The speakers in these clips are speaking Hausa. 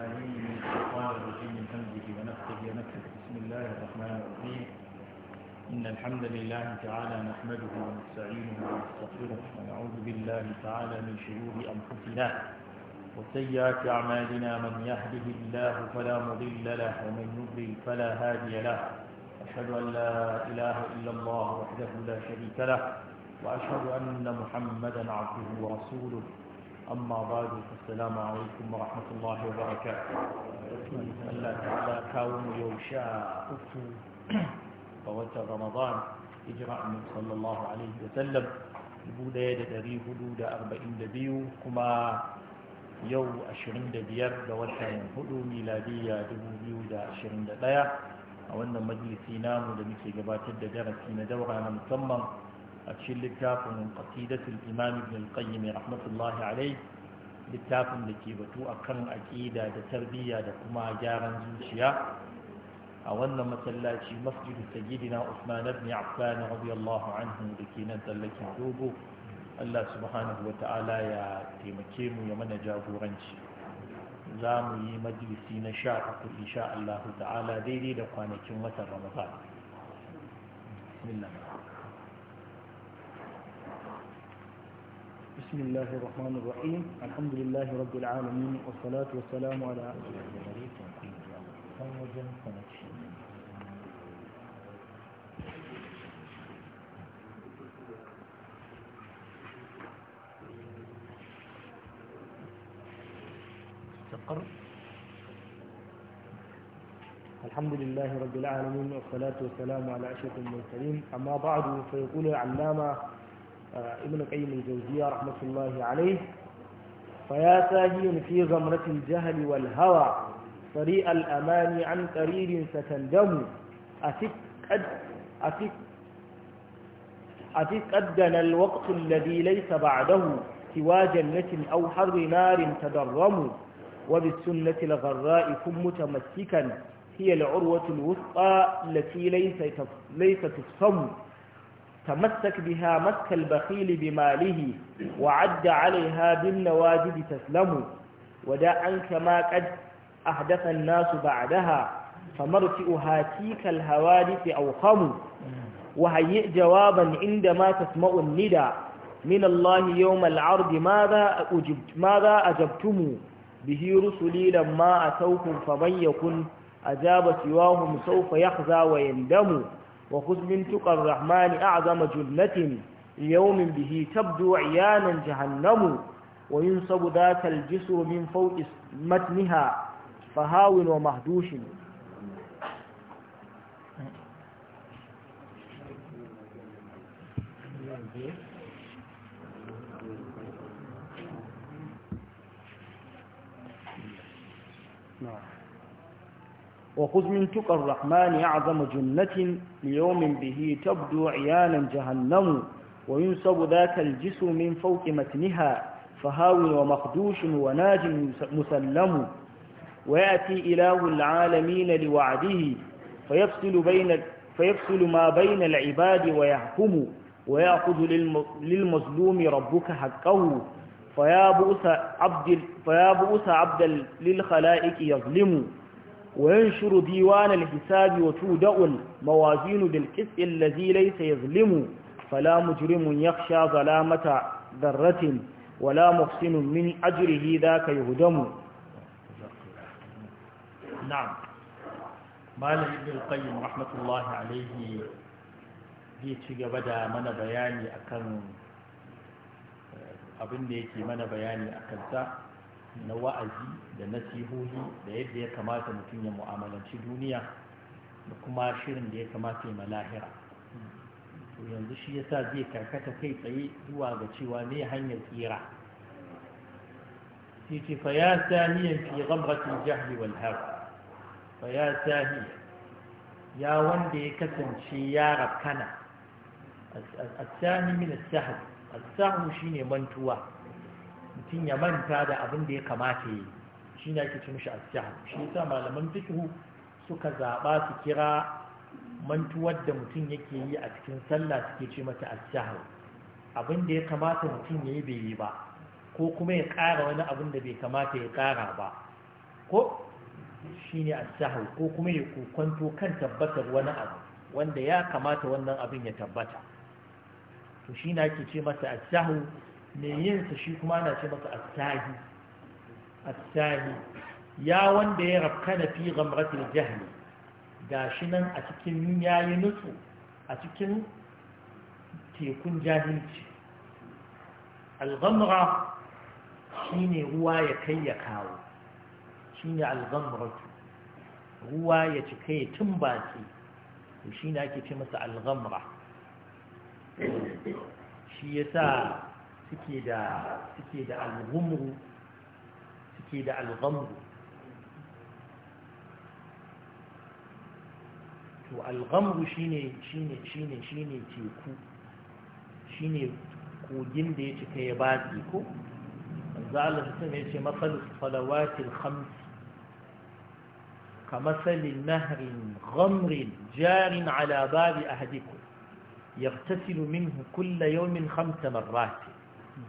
الحليم الشيطان الرجيم من حمده ونفسه ونفسه بسم الله الرحمن الرحيم إن الحمد لله تعالى نحمده ونستعينه ونستغفره ونعوذ بالله تعالى من شرور أنفسنا وسيئات أعمالنا من يهده الله فلا مضل له ومن يضلل فلا هادي له أشهد أن لا إله إلا الله وحده لا شريك له وأشهد أن محمدا عبده ورسوله أما بعد السلام عليكم ورحمة الله وبركاته الله تعالى كاوم يوشاء فوت رمضان إجراء من صلى الله عليه وسلم يبودا يد دري حدود أربعين دبيو كما يو أشرين دبير دوتا هدو ميلادية دبو بيو دا أشرين دبير a wannan majalisi namu da muke gabatar da darasi na daura na musamman a cikin littafin qasidatul imam ibn al-qayyim rahmatullahi alayh littafin da ke batu akan aqida da tarbiyya da kuma gyaran zuciya a wannan masallaci masjid sayyidina Usman ibn Affan radiyallahu anhu da ke nan tsallakin dogo Allah subhanahu wa ta'ala ya taimake mu ya mana jagoranci za mu yi majalisi na sha uku insha Allah ta'ala daidai da kwanakin watan Ramadan. Bismillah. بسم الله الرحمن الرحيم الحمد لله رب العالمين والصلاة والسلام على استقر الحمد لله رب العالمين والصلاة والسلام على أشرف المرسلين أما بعد فيقول العلامة آه، ابن القيم الجوزية رحمة الله عليه فيا ساهي في غمرة الجهل والهوى سريع الأمان عن قرير ستندم أفك أدنا أفك أفك الوقت الذي ليس بعده سوى جنة أو حر نار تدرم وبالسنة الغراء كن متمسكا هي العروة الوثقى التي ليس ليس تفصم تمسك بها مسك البخيل بماله وعد عليها بالنواجد تسلم ودع عنك ما قد أحدث الناس بعدها فمرتئها تيك الهوادث أوخم وهيئ جوابا عندما تسمع الندى من الله يوم العرض ماذا, أجبت ماذا أجبتم به رسلي لما أتوكم فمن يكن أجاب سواهم سوف يخزى ويندم وخذ من تقى الرحمن أعظم جنة ليوم به تبدو عيانا جهنم وينصب ذات الجسر من فوق متنها فهاو ومهدوش نعم وخذ من تقى الرحمن أعظم جنة ليوم به تبدو عيانا جهنم وينسب ذاك الجسم من فوق متنها فهاو ومخدوش وناج مسلم ويأتي إله العالمين لوعده فيفصل, بين فيفصل ما بين العباد ويحكم ويأخذ للمظلوم ربك حقه فيا بؤس عبد, فيا بؤس عبد للخلائق يظلم وينشر ديوان الحساب وتودع الموازين بالكسء الذي ليس يظلم فلا مجرم يخشى ظلامة ذرة ولا محسن من أجره ذاك يهدم نعم مال ابن القيم رحمة الله عليه zai ci بدا من بياني أكن akan آه، من بياني yake mana na wa'azi da nasihohi da yadda ya kamata mutum ya mu'amalanci duniya da kuma shirin da ya kamata ya malahira to yanzu shi yasa zai karkata kai tsaye zuwa ga cewa ne hanyar tsira titi fa ya sahiyan fi ghamratil jahli wal fa ya sahi ya wanda ya kasance ya rakana الثاني من السهو shi shine mantuwa mutum ya manta da abin da ya kamata yi shi ne ake ci a asjahu shi yasa malaman fikihu suka zaɓa su kira mantuwar da mutum yake yi a cikin sallah suke ce mata asjahu abin da ya kamata mutum ya yi bai yi ba ko kuma ya ƙara wani abin da bai kamata ya ƙara ba ko shi ne asjahu ko kuma ya kwanto kan tabbatar wani abu wanda ya kamata wannan abin ya tabbata to shi na ke ce masa asjahu mai yinsa shi kuma ana ce masa asahi asahi ya wanda ya rafka na fi gamratul jahli ga shi nan a cikin yayi nutsu a cikin tekun jahilci algamra shi ne ruwa ya kai ya kawo shi ne algamratu ruwa ya cika ya tumbace shi ne ake ce masa algamra shi ya sa سكيدا سكيدا الغمر سكيدا الغمر تو الغمر شيني شيني شيني شيني تيكو شيني كوجين دي تكيبات ديكو زعل حسن يشي مثل الصلوات الخمس كمثل نهر غمر جار على باب أهدكم يغتسل منه كل يوم خمس مرات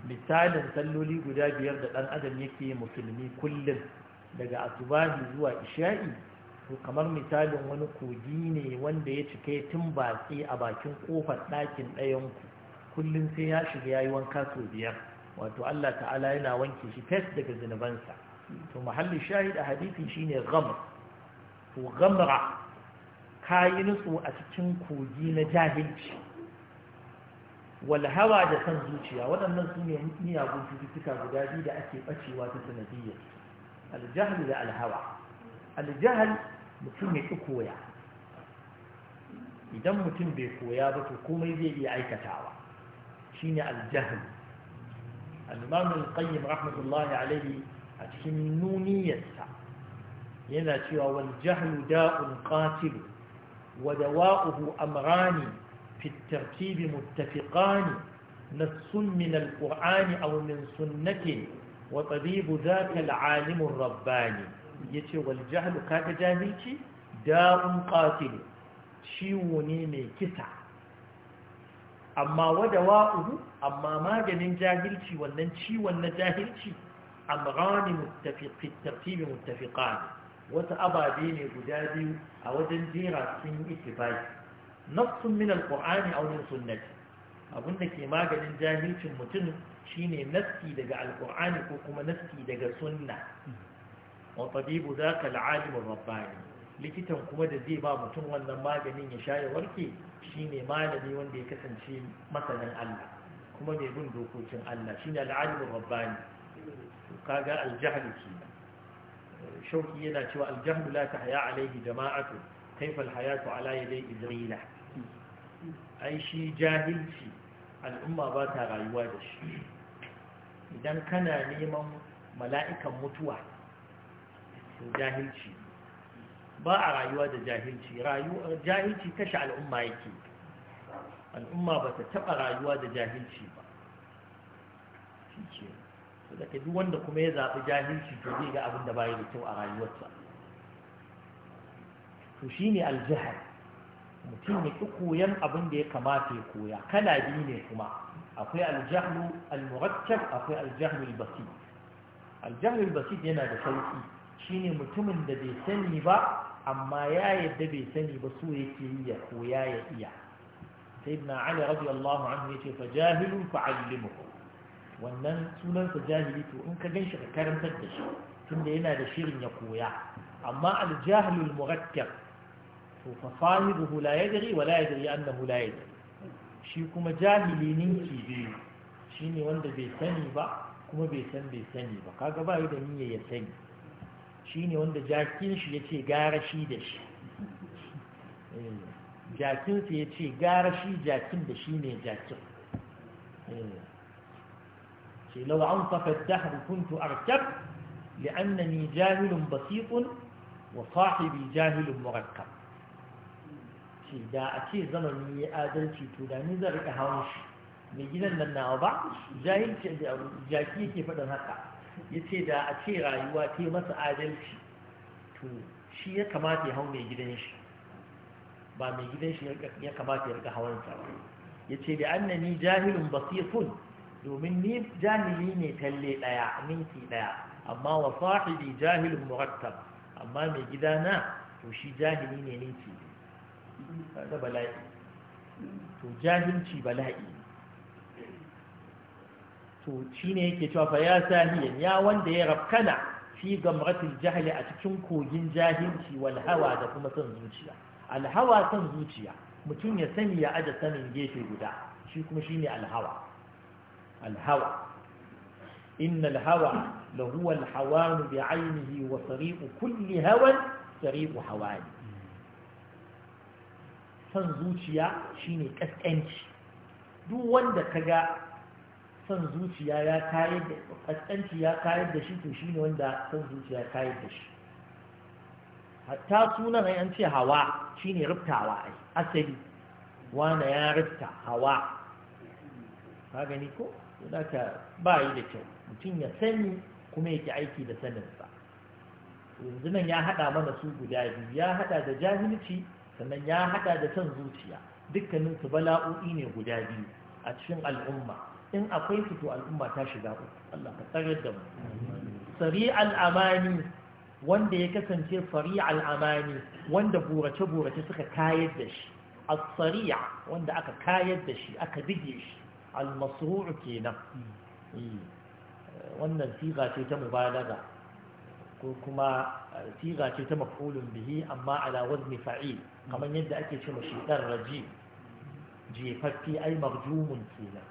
misalin salloli guda biyar da ɗan adam yake musulmi kullum daga asubahi zuwa isha'i to kamar misalin wani kogi ne wanda ya cike tun batsi a bakin kofar ɗakin ɗayanku kullum sai ya shiga ya yi wanka sau biyar wato Allah ta'ala yana wanke shi fes daga zunubansa to mahalli shahid a hadisin shine ghamr to ghamra yi nutsu a cikin kogi na jahilci walhawa da san zuciya waɗannan su ne miyagun cututtuka guda biyu da ake ɓacewa ta sanadiyyar aljahal da alhawa aljahal mutum ya ƙi koya idan mutum bai koya ba to komai zai iya aikatawa shine aljahal al-imam al-qayyim rahmatullahi alaihi a cikin nuniyarsa yana cewa wal jahlu da'un qatil wa dawa'uhu amrani في الترتيب متفقان نص من القرآن أو من سنة وطبيب ذاك العالم الرباني يتي والجهل كاك جاهلتي داء قاتل شيوني من كسع أما ودواؤه أما ما جنين جاهلتي ولن شي ولن جاهلتي أمران متفق في الترتيب متفقان وتأبى ديني قدادي أودن ديرا سن إتفاقي nassun min alqur'ani aw min sunnati abinda ke maganin jahilcin mutum shine nassi daga alqur'ani ko kuma nassi daga sunna wa tabibu zaka alalim rabbani likitan kuma da zai ba mutum wannan maganin ya sha ya warke shine malami wanda ya kasance masanin Allah kuma mai bin dokokin Allah shine alalim rabbani kaga aljahl kenan shauki yana cewa aljahlu la tahya alaihi jama'atu kaifal hayatu ala yadai idrila ai shi jahilci al'umma ba ta rayuwa da shi idan kana neman mala'ikan mutuwa to jahilci ba a rayuwa da jahilci jahilci kashe al'umma yake al'umma ba ta taɓa rayuwa da jahilci ba shi ce duk wanda kuma ya zaɓi jahilci to zai ga abin da da kyau a rayuwarsa to shine aljihar mutum ya koyan abin da ya kamata ya koya kana biyu ne kuma akwai aljahlu almurattab akwai aljahlu albasit aljahlu albasit yana da sauki shine mutumin da bai sani ba amma ya yadda bai sani ba so yake yi ya koya ya iya sayyidina ali radiyallahu anhu yace fa jahilun fa'allimuhu wannan sunansa jahili to in ka ganshi ka karantar da shi tunda yana da shirin ya koya amma aljahlul murakkab فصاحبه لا يدري ولا يدري أنه لا يدري شي كما جاهلي نينكي بي شيني وند بي سني با كما بي سن بي سني با كاغا با يدا نية يسني شيني وند جاكين شي يتي غار شي دش إيه. جاكين شي يتي غار شي جاكين دشيني جاكين إيه. شي لو عنطف الدهر كنت أركب لأنني جاهل بسيط وصاحبي جاهل مركب ce da a ce zamanin ya adalci to da ni zan rika hawan shi mai gidan nan nawa ba jahilci jaki yake faɗin haka ya ce da a ce rayuwa ta masa adalci to shi ya kamata ya hau mai gidan shi ba mai gidan shi ya kamata ya rika hawan sa ba ya ce da annani jahilun basirun domin ni jahili ne talle ɗaya minti ɗaya amma wa sahibi jahilun murattab amma mai gidana to shi jahili ne minti kaga bala'i to jahilci bala'i to shine yake cewa fa ya sahiyan ya wanda ya rafkana fi gamratil jahli a cikin kogin jahilci wal hawa da kuma son zuciya al hawa son zuciya mutum ya sani ya aje sanin gefe guda shi kuma shine al hawa al hawa inna al hawa lahu al bi aynihi wa sari'u kulli hawan sari'u hawani son zuciya shine kaskanci duk wanda kaga son zuciya ya kayar da kaskanci ya kayar da shi to shine wanda son zuciya ya kayar da shi hatta sunan ai an ce hawa shine rubtawa ai asali wanda ya rubta hawa ka gani ko zaka ba yi da kyau mutum ya sani kuma yake aiki da saninsa yanzu nan ya hada mana su guda biyu ya hada da jahilci sannan ya hada da son zuciya dukkanin su bala'o'i ne guda biyu a cikin al'umma in akwai su to al'umma ta shiga uku Allah ka tsare da mu Sari al'amani wanda ya kasance fari al'amani wanda burace burace suka kayar da shi as-sari'a wanda aka kayar da shi aka bige shi al-masru'u kenan eh, wannan siga ce ta mubalaga ko kuma eh, siga ce ta maf'ulun bihi amma ala wazni fa'il kamar yadda ake ce ma shaitan raji jefaffe ai marjumun kenan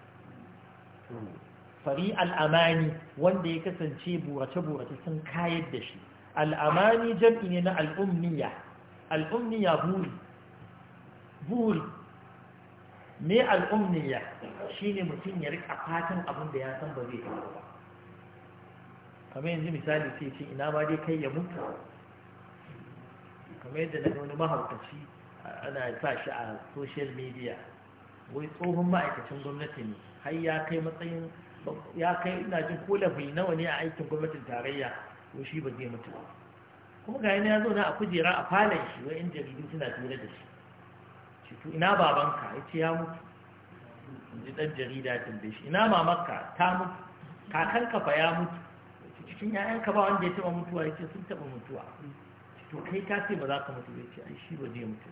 fari al'amani wanda ya kasance burace-burace sun kayar da shi al'amani jam'i ne na al'ummiya al'ummiya buri buri ne al'ummiya shi ne mutum ya rika fatan abin da ya san ba zai kamar yanzu misali sai ce ina ma dai kai ya mutu kamar yadda daga wani mahaukaci ana sa shi a social media wai tsohon ma'aikacin gwamnati ne har ya kai matsayin ya kai ina jin ko lafi nawa ne a aikin gwamnatin tarayya ko shi ba zai mutu ba kuma ga yana ya zo na a kujera a falon shi wa jaridu suna tura da shi shi to ina babanka ya ce ya mutu in ji ɗan jarida tambaye shi ina mamarka ta mutu kakanka fa ya mutu cikin 'ya'yanka ba wanda ya taɓa mutuwa ya ce sun taɓa mutuwa to kai ka ce ba za ka mutu zai ce ai shi ba zai mutu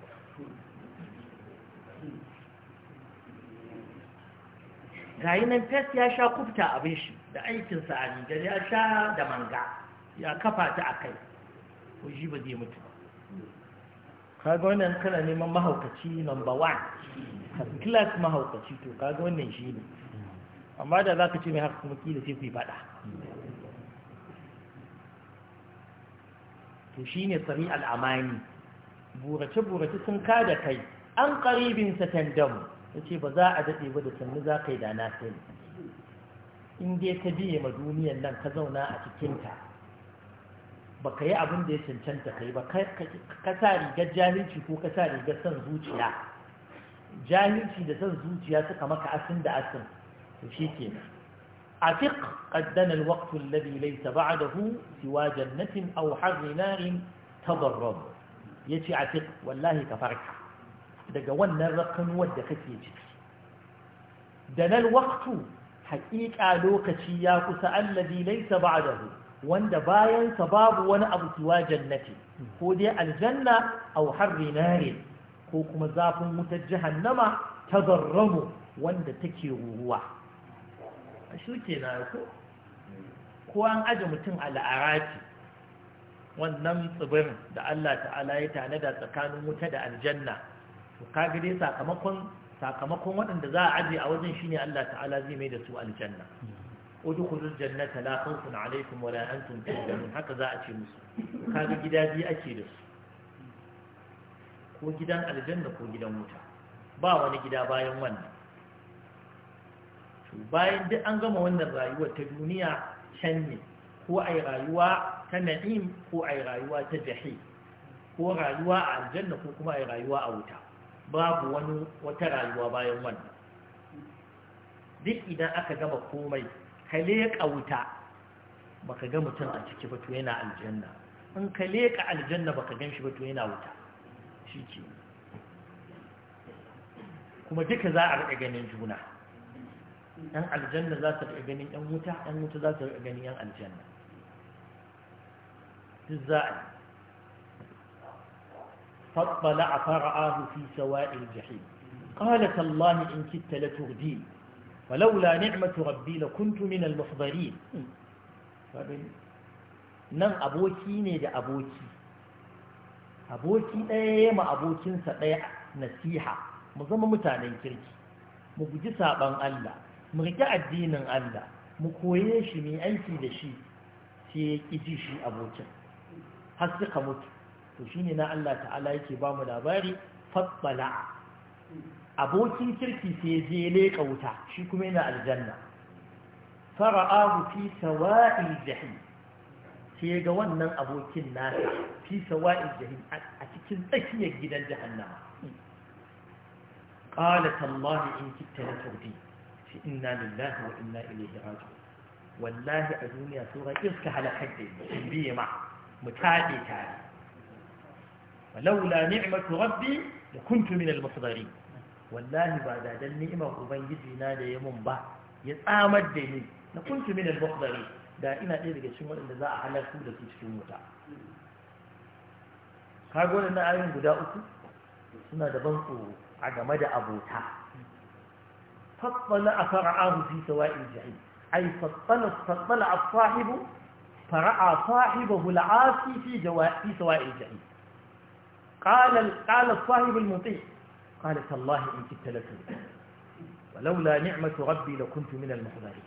ba yi nan fes ya sha kufta abin shi da aikinsa a rigar ya sha da manga ya kafa ta a kai ko shi ba zai mutu ba kaga wannan kana neman mahaukaci number one class mahaukaci to kaga wannan shi ne amma da za ka ce mai haka kuma kila sai ku yi faɗa to shine sami al'amani burace-burace sun kada kai an karibin satandamu ya ce ba za a daɗe ba da sannu za ka yi da na sani in dai biye ma duniyan nan ka zauna a cikinta ba ka yi abin da ya cancanta kai ba ka sa rigar jahilci ko ka sa rigar son zuciya jahilci da son zuciya suka maka asin da asin to shi kenan عتق قد دنا الوقت الذي ليس بعده سوى جنة أو حر نار تضرب يتي عتق والله كفرك دقا ونا رقن ودخت يجي دنا الوقت حقيقة لوكتي ياكس الذي ليس بعده wanda bayansa babu wani abu siwa jannati ko dai aljanna aw harri nari ko kuma zafin wutar jahannama tazarramu wanda take ruwa A shuke na ko ko an aje mutum a la'arati wannan tsibirin da Allah ta'ala ya da tsakanin wuta da aljanna to kaga dai sakamakon sakamakon waɗanda za a aje a wajen shine Allah ta'ala zai mai da su aljanna udkhulul jannata la khawfun alaykum wala antum tahzanun haka za a ce musu kaga gida biyu ake da su ko gidan aljanna ko gidan wuta ba wani gida bayan wannan bayan duk an gama wannan rayuwa ta duniya can ne ko a yi rayuwa ta na'im ko a yi rayuwa ta jahi ko rayuwa a aljanna ko kuma a yi rayuwa a wuta babu wani wata rayuwa bayan wannan duk idan aka gama komai ka leƙa wuta baka ga mutum a ciki ba to yana aljanna in ka leƙa aljanna baka gan shi ba to yana wuta shi ke kuma duka za a riƙa ganin juna yan aljanna za ta riƙa ganin yan wuta yan wuta za ta riƙa ganin yan aljanna duk za a yi فاطلع فرآه في سواء الجحيم قال تالله إن كدت لتردين ولولا نعمة ربي لكنت من المحضرين nan aboki ne da aboki aboki ɗaya ya ma abokinsa ɗaya nasiha mu zama mutanen kirki mu guji saɓan Allah mu riƙe addinin Allah mu koye shi mai aiki da shi sai ya ƙiji shi abokin har ka mutu to ne na Allah ta'ala yake ba mu labari fatsala abokin kirki sai je leƙa wuta shi kuma yana aljanna fara'ahu fi sawa'il jahim sai ga wannan abokin nasa fi sawa'il jahim a cikin tsakiyar gidan jahannama qala tallahi in kitta la turdi shi lillahi wa inna ilaihi wallahi a duniya sura iska halakar da in biye ma mu taɗe tare walaula ni'matu rabbi da kuntu min al wallahi ba da dan ni'imar ubangiji na da ya mun ba ya tsamar da ni na kuntu min al-muhdari da ina ɗaya daga cikin waɗanda za a halartu da su cikin wuta kaga wannan ayoyin guda uku suna da ban tsoro a game da abota فاطلع فرعاه في سواء الجحيم أي فاطلع, فاطلع الصاحب فرعى صاحبه العاصي في, في سواء الجحيم قال قال الصاحب المطيع قال تالله إن كدت لتردني ولولا نعمة ربي لكنت من المحضرين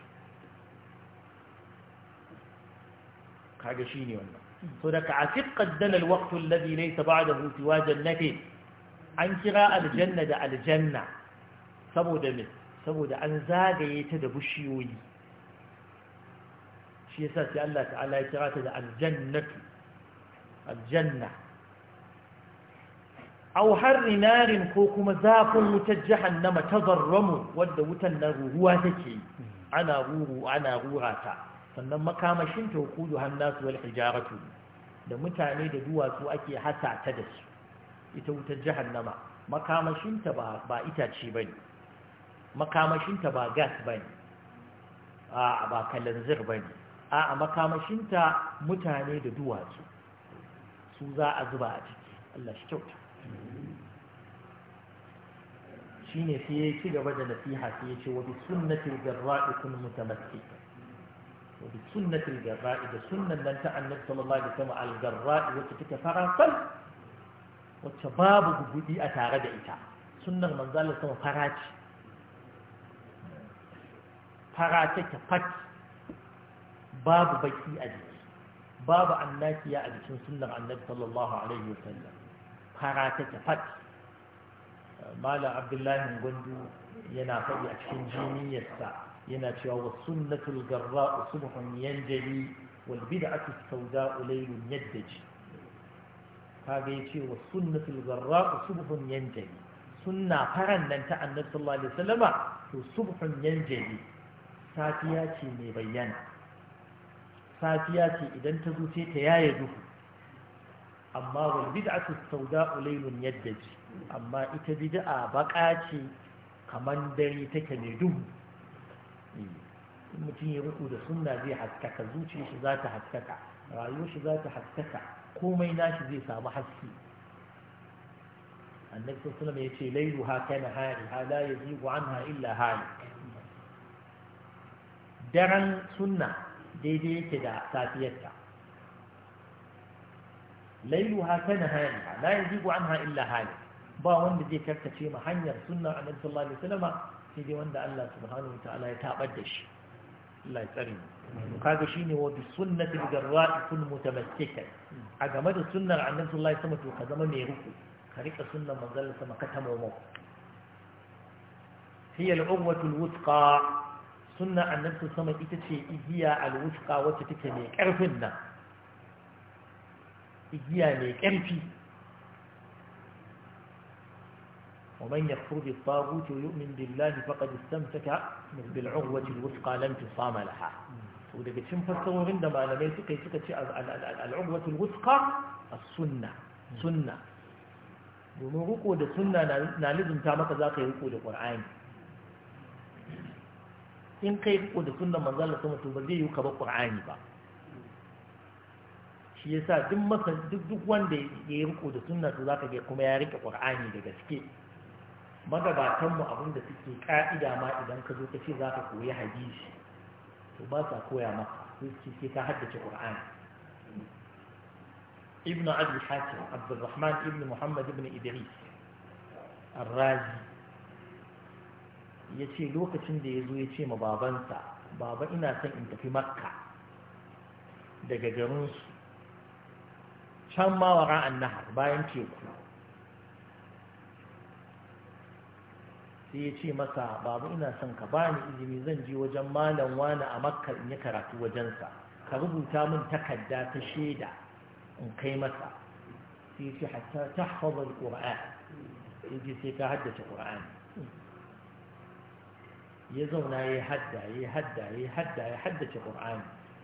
kaga والله ne عتق قدنا الوقت الذي ليس بعده سوى جنة ta ba da الجنة الجنة an kira saboda an zagaye ta da bishiyoyi shi sa sai Allah ta'ala ya kira ta da aljannatu aljanna aw harri narin ko kuma zafin wutar jahannama tazarramu wadda wutan nan ruwa take ana ruru ana rurata sannan makamashin ta hukudu hannasu wal hijaratu da mutane da duwatsu ake hata ta da su ita wutar jahannama makamashin ta ba ba itace bane makamashinta ba gas ba ne ba kalanzir ba ne a makamashinta mutane da duwatsu su za a zuba a ciki Allah shi kyauta shi ne sai ya ci gaba da nasiha sai ya ce wa bi sunnatil garra'i kun mutamassi wa bi sunnatil garra'i da sunnan nan ta annabi sallallahu alaihi wasallam al garra'i wacce take farasal wacce babu gudi a tare da ita sunnar manzo Allah sama faraci fara take fat babu baki a jiki babu annakiya a jikin sunnar annabi sallallahu alaihi wa wasallam fara take fat malam abdullahi gwandu yana faɗi a cikin jiniyarsa yana cewa wa sunnatul garra subhun yanjali wal bid'atu sawda'u laylun yaddaji kaga yace wa sunnatul garra subhun yanjali sunna faran nan ta annabi sallallahu alaihi wasallama to subhun yanjali safiya ce mai bayyana safiya ce idan ta zo sai ta yaye duhu amma wal bid'atu sawda'u laylun yaddaji amma ita bid'a baka ce kaman dare take ne duhu eh, mutum ya ruku da sunna zai haskaka zuciyar shi za ta haskaka rayuwar shi za ta haskaka komai nashi zai samu haske annabi sallallahu alaihi wasallam yace lailuha kana hari la yazigu anha illa halik daren sunna daidai yake da safiyarta Lailu lailuha kana haliha la an anha illa hali ba wanda zai karkace ma hanyar sunna annabi sallallahu alaihi wasallam sai dai wanda Allah subhanahu wataala ya tabar da shi Allah ya tsare mu kaga shine wa bi sunnati al-jarra'i kun mutamassikan a game da sunnar annabi sallallahu alaihi wasallam to ka zama mai ruku ka rika sunnar manzon Allah sama ka tamomo hiya al-urwatu al sunna annabi sama ita ce igiya alwufqa wacce take mai karfin nan igiya mai karfi ومن يكفر بالطاغوت ويؤمن بالله فقد استمسك بالعروة الوثقى لا انفصام لها ودقى شن فسروا عندما لم يسكى يسكى العروة الوثقى السنة سنة domin riko da sunna na lizumta maka za ka yi riko da ƙwar'ani in kai riko da sunnan manzo Allah sama to ba zai yi ka ba Qur'ani ba shi yasa duk masa duk duk wanda ya yi riko da sunna to zaka ga kuma ya rike Qur'ani da gaske magabatan mu abinda suke ka'ida ma idan ka zo ka ce zaka koyi hadisi to ba sa koya maka sai sai ka haddace Qur'ani ibn Abi Hatim Abdurrahman ibn Muhammad ibn Idris الرازي ya ce lokacin da ya zo ya ce ma babansa baba ina son in tafi makka daga garinsu can ma wa ra'an nahar bayan teku sai ya ce masa baba ina son ka bani izini zan je wajen malam wani a makka in yi karatu wajensa ka rubuta min takarda ta shaida in kai masa sai ya ce hatta ta haɓar ƙura'a sai ce sai ka haddace ƙur'ani. يزونا يهدى يهدى يهدى يهدى القرآن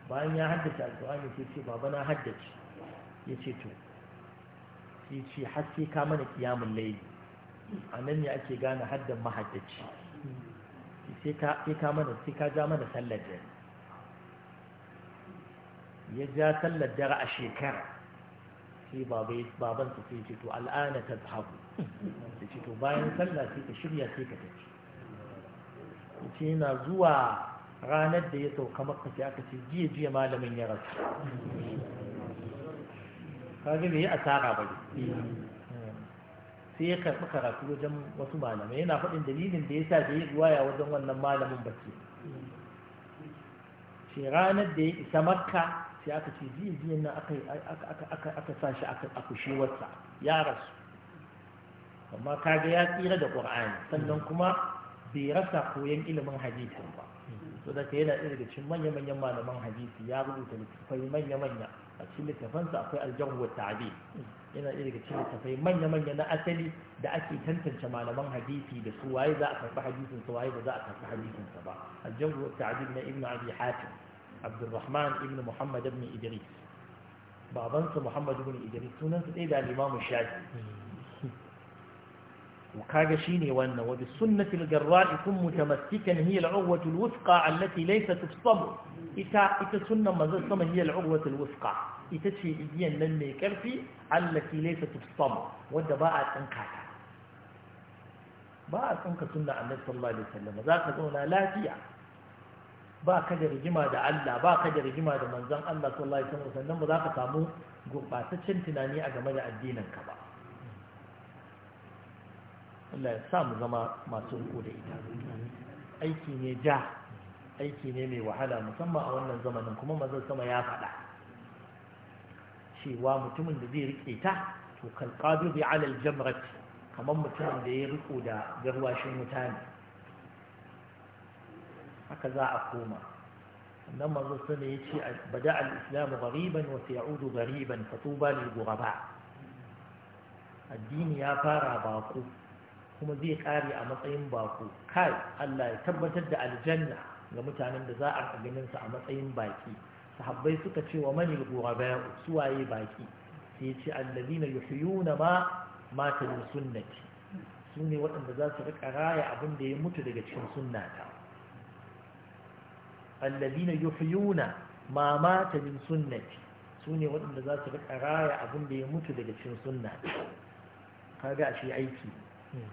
بأن يهدى القرآن يتيسي بابنا هدى يتيتو يتي حسي كامن قيام الليل أنني أكي قانا هدى ما هدى يتي كامن يتي كامن سلجة يجا سلجة أشيكار في بابي بابن تفيتو الآن تذهب تفيتو بأن سلجة تشريع تفيتو ce yana zuwa ranar da ya sauka maka sai aka ce jiya jiya malamin ya rasu kaga bai yi asara ba sai ya karɓi karatu wajen wasu malamai yana faɗin dalilin da ya sa da ya ruwaya wajen wannan malamin ba ce shi ranar da ya isa makka sai aka ce jiya jiya na aka sa shi a kushewarsa ya rasu amma kaga ya tsira da ƙwar'ani sannan kuma bai rasa koyon ilimin hadisi ba so da yana ɗaya daga cikin manya-manyan malaman hadisi ya rubuta littattafai manya-manya a cikin littattafansa akwai aljarhu wa ta'abi yana ɗaya daga cikin littattafai manya-manya na asali da ake tantance malaman hadisi da su waye za a karɓi hadisin su waye ba za a karɓi hadisin sa ba aljarhu wa ta'abi na ibn abi hatim abdurrahman ibn muhammad ibn idris babansa muhammad ibn idris sunansa ɗaya da limamu shafi وكاجا شيني وانا وبالسنة الجراء كن متمسكا هي العروة الوثقى التي ليس تفصل إتا إتا سنة مزلسمة هي العروة الوثقى إتا شيئيا لن كرفي التي ليس تفصل ودا باعة تنكاتا باعة تنكا سنة عن النبي صلى الله عليه وسلم ذاك دون لا تيع ba ka da rigima da Allah ba ka da rigima da manzon Allah sallallahu alaihi wasallam sannan ba za ka samu gurbataccen tunani a game da addinin ka ba Allah ya mu zama masu riko da ita aiki ne ja aiki ne mai wahala musamman a wannan zamanin kuma mazan sama ya faɗa cewa mutumin da zai rike ta to kalqadu bi alal jamrat kamar mutumin da ya riko da garwashin wuta ne haka za a koma annan manzo sun ya ce bada al-islam ghariban wa sayudu ghariban fatuba lil ghuraba addini ya fara baƙo. kuma zai kare a matsayin baku kai Allah ya tabbatar da aljanna ga mutanen da za a ganin su a matsayin baki sahabbai suka ce wa mani manil ghuraba'u suwaye baki sai ce alladhina yuhyuna ma mata min sunnati su waɗanda za su rika raya abin da ya mutu daga cikin sunnata alladhina yuhyuna ma mata min sunnati su waɗanda za su rika raya abin da ya mutu daga cikin sunnata kaga shi aiki hmm.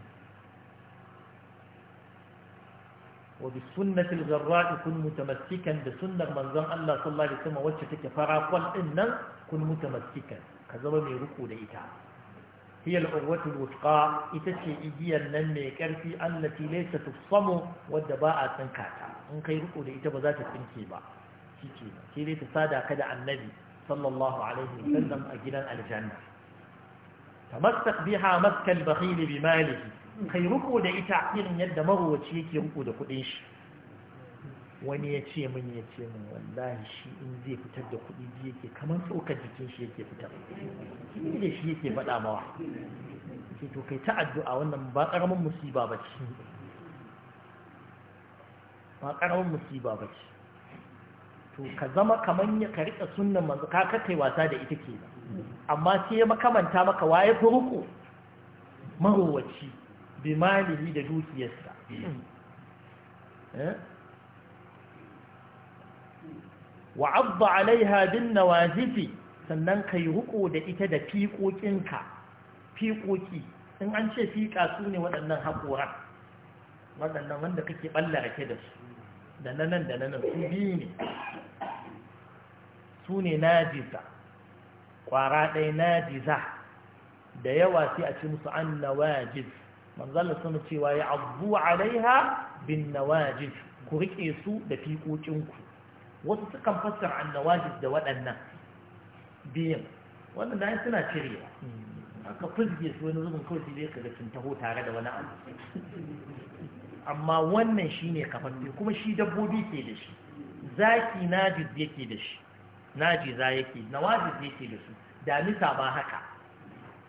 وبالسنة الغراء كن متمسكا بسنة من ظن الله صلى الله عليه وسلم وشتك فراقل إنن كن متمسكا كذب من ركو لإتعب هي العروة الوثقى إتشي إجيا نمي كرفي التي ليس تفصم والدباء تنكاتا إن كي ركو لإتعب ذات التنكيبة كي ليس سادة كدع النبي صلى الله عليه وسلم أجلا الجنة تمسك بها مسك البخيل بماله kai ruku da ita irin yadda marowaci yake ruku da kudin shi wani ya ce min ya ce min wallahi shi in zai fitar da kudi ji yake kamar tsokar jikin shi yake fitar shi da shi yake faɗa mawa ke to kai ta addu'a wannan ba ƙaramin musiba ba ce ba ƙaramin musiba ba ce to ka zama kamar ya ka rika sunnan manzo ka kai wasa da ita ke amma sai ya makamanta maka waye ruku marowaci bi malihi da dukiyarsa eh? wa abba alaiha bin nawazifi sannan kai ruƙo da ita da fiƙoƙinka fiƙoƙi in an ce fiƙa su ne waɗannan haƙoran waɗannan wanda kake ɓalla rake da su da nanan da nanan su biyu ne su ne najiza ƙwara ɗaya najiza da yawa sai a ci musu an nawajiz manzala suna cewa ya abu alaiha bin nawajid ku rike su da fiƙoƙinku wasu sukan fassar annawajid da waɗannan biyan wannan da suna cirewa aka fizge su wani zubin kawai sai ka ga taho tare da wani abu amma wannan shine kafaffe kuma shi dabbobi ke da shi zaki najiz yake da shi najiza yake nawajiz yake da su damisa ba haka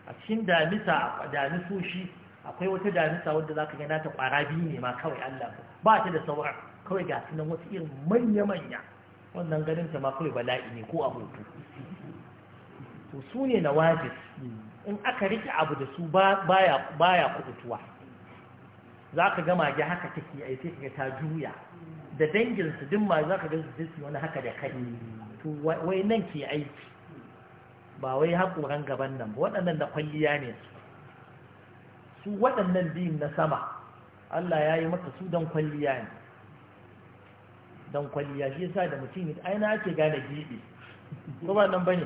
a cikin damisa damisoshi akwai wata damisa wadda za ka na ta kwara biyu ne ma kawai Allah ba ta da sauran kawai ga su nan wasu irin manya-manya wannan ganin ta ma kawai bala'i ne ko abubu to su ne na wajis in aka rike abu da su baya kudutuwa za ka gama ji haka take a sai ka ta juya da danginsu duk ma za ka gansu su wani haka da kai to wai nan ke aiki ba wai haƙoran gaban nan ba waɗannan na kwalliya ne su su waɗannan biyun na sama Allah ya yi maka su don kwalliya ne don kwalliya shi yasa da mutum aina ake gane giɓi ko ba nan bane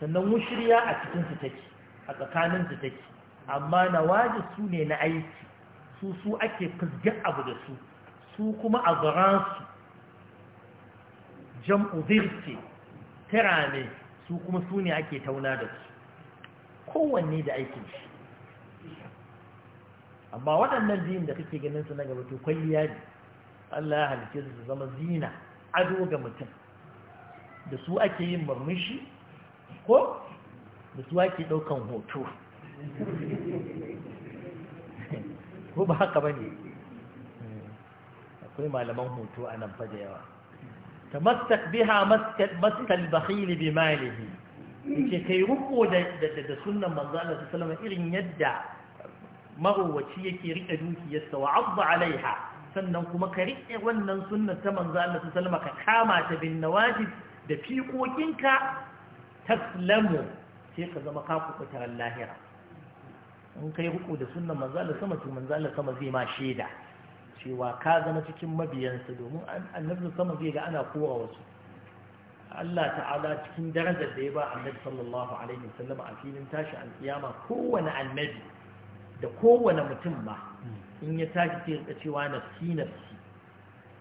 sannan mushriya a cikin su take a tsakanin su take amma waje su ne na aiki su su ake fusgar abu da su su kuma a su, jam'u ce, tira ne su kuma su ne ake tauna da su kowanne da aikin shi amma waɗannan biyun da kake ganin su na gaba to kwalliya ne Allah ya halice su su zama zina ado ga mutum da su ake yin murmushi ko da su ake ɗaukan hoto ko ba haka ba ne akwai malaman hoto a nan fa da yawa tamassak biha maskal bakhil bi malihi yace kai ruko da da sunnan manzo Allah sallallahu alaihi wasallam irin yadda marowaci yake riƙe dukiyarsa wa abba alaiha sannan kuma ka riƙe wannan sunan ta manzo Allah sallama ka kama ta bin nawajib da fiƙoƙinka taslamu sai ka zama ka kuɓutar lahira in kai huku da sunnan manzo Allah sama to manzo Allah sama zai ma shaida cewa ka zama cikin mabiyansa domin annabi sama zai ga ana kowa wasu Allah ta'ala cikin darajar da ya ba annabi sallallahu alaihi wasallam a filin tashi alkiyama kowane annabi da kowane mutum ma in ya tashi sai rika cewa nafsi nafsi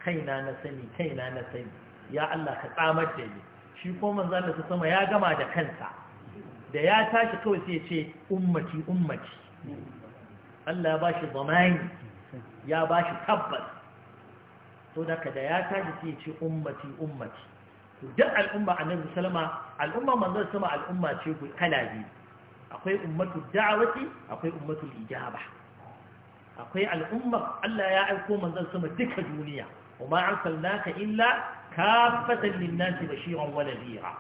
kaina na sani kaina na sani ya Allah ka tsamar da ni shi ko manzo Allah ta sama ya gama da kansa da ya tashi kawai sai ya ce ummati ummati Allah ya bashi zamani ya bashi tabbas to da ka da ya tashi sai ya ce ummati ummati duk al'umma annabi sallama al'umma manzo sama al'umma ce kala biyu akwai ummatu da'awati akwai ummatu ijaba akwai al'ummar Allah ya aiko manzon sama duka duniya وما أرسلناك إلا كافة للناس بشيرا ونذيرا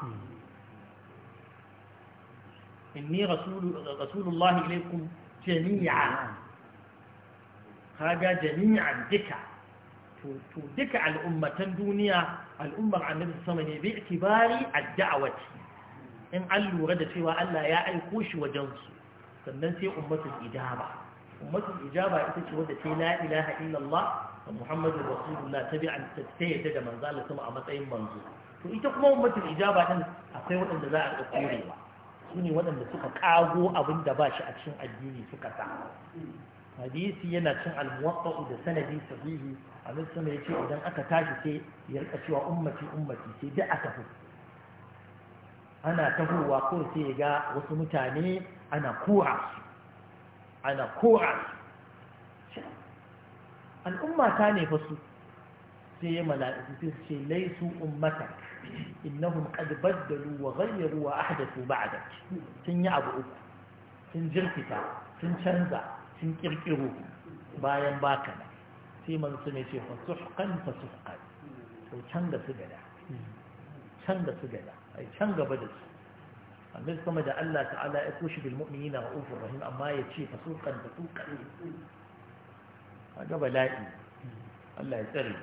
إني رسول, رسول الله إليكم جميعا هذا جميعا دكا تدكا الأمة دنيا الأمة عن نفس السمني باعتبار الدعوة in an lura da cewa Allah ya aiko shi wajensu sannan sai ummatul ijaba ummatul ijaba ita ce wadda sai la ilaha illallah wa muhammadur rasulullah tabi'an tattaye ta da manzo Allah sama a matsayin manzo to ita kuma ummatul ijaba din akwai waɗanda za a korewa su ne waɗanda suka kago abin da ba shi a cikin addini suka sa hadisi yana cin almuwaffa'u da sanadi sahihi a ya ce idan aka tashi sai ya rika cewa ummati ummati sai da aka fi ana tahowa ko sai ga wasu mutane ana kora su ana kora su al'umma ta ne fa su sai ya mala'iku sai su ce laisu ummata innahum qad baddalu wa ghayyaru wa ahdathu ba'dak sun yi abu uku sun jirkita sun canza sun kirkiro bayan baka nan sai su ne ce fa fasuhqan fasuhqan to canza su gada canza su gada ai can gaba da su annabi kuma da Allah ta'ala ya kushi bil mu'minina ra'ufur rahim amma ya ce fasuqan fasuqan gaba bala'i Allah ya tsare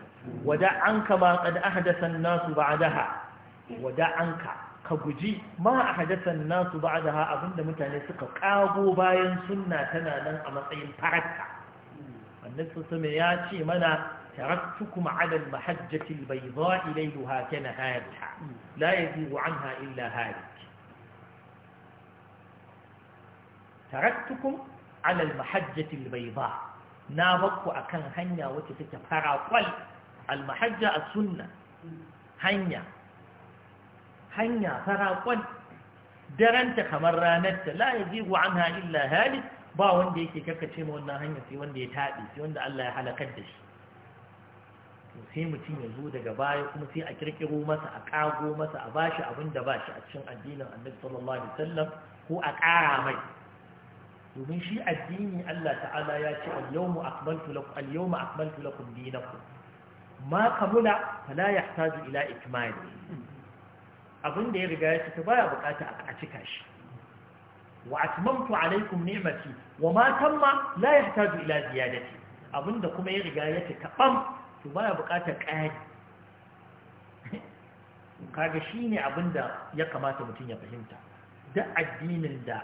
wada anka ma qad ahdatha an-nasu ba'daha wada anka ka guji ma ahdatha an-nasu ba'daha abinda mutane suka kago bayan sunna tana nan a matsayin faratta annabi sallallahu ya ce mana تركتكم على المحجة البيضاء ليلها كنهارها لا يزيغ عنها إلا هالك تركتكم على المحجة البيضاء نابقوا أكن هنيا وتتك فراقل المحجة السنة هنيا هنيا فراقل درنت خمرانت لا يزيغ عنها إلا هالك ba wanda yake kakkace ma wannan hanyar sai wanda ya taɗi sai wanda Allah ya halakar da shi sai mutum ya zo daga baya kuma sai a kirkiro masa a kago masa a bashi abin da bashi a cikin addinin annabi sallallahu alaihi wasallam ko a ƙara mai domin shi addini Allah ta'ala ya ce al-yawma akmaltu lakum al-yawma akmaltu lakum dinakum ma kamula fala yahtaju ila ikmali abin da ya riga ya cika baya bukata a cika shi wa atmamtu alaykum ni'mati wa ma tamma la yahtaju ila ziyadati Abinda kuma ya riga ya cika bam to ya buƙatar ƙari kaga shi ne abinda ya kamata mutum ya fahimta Da addinin da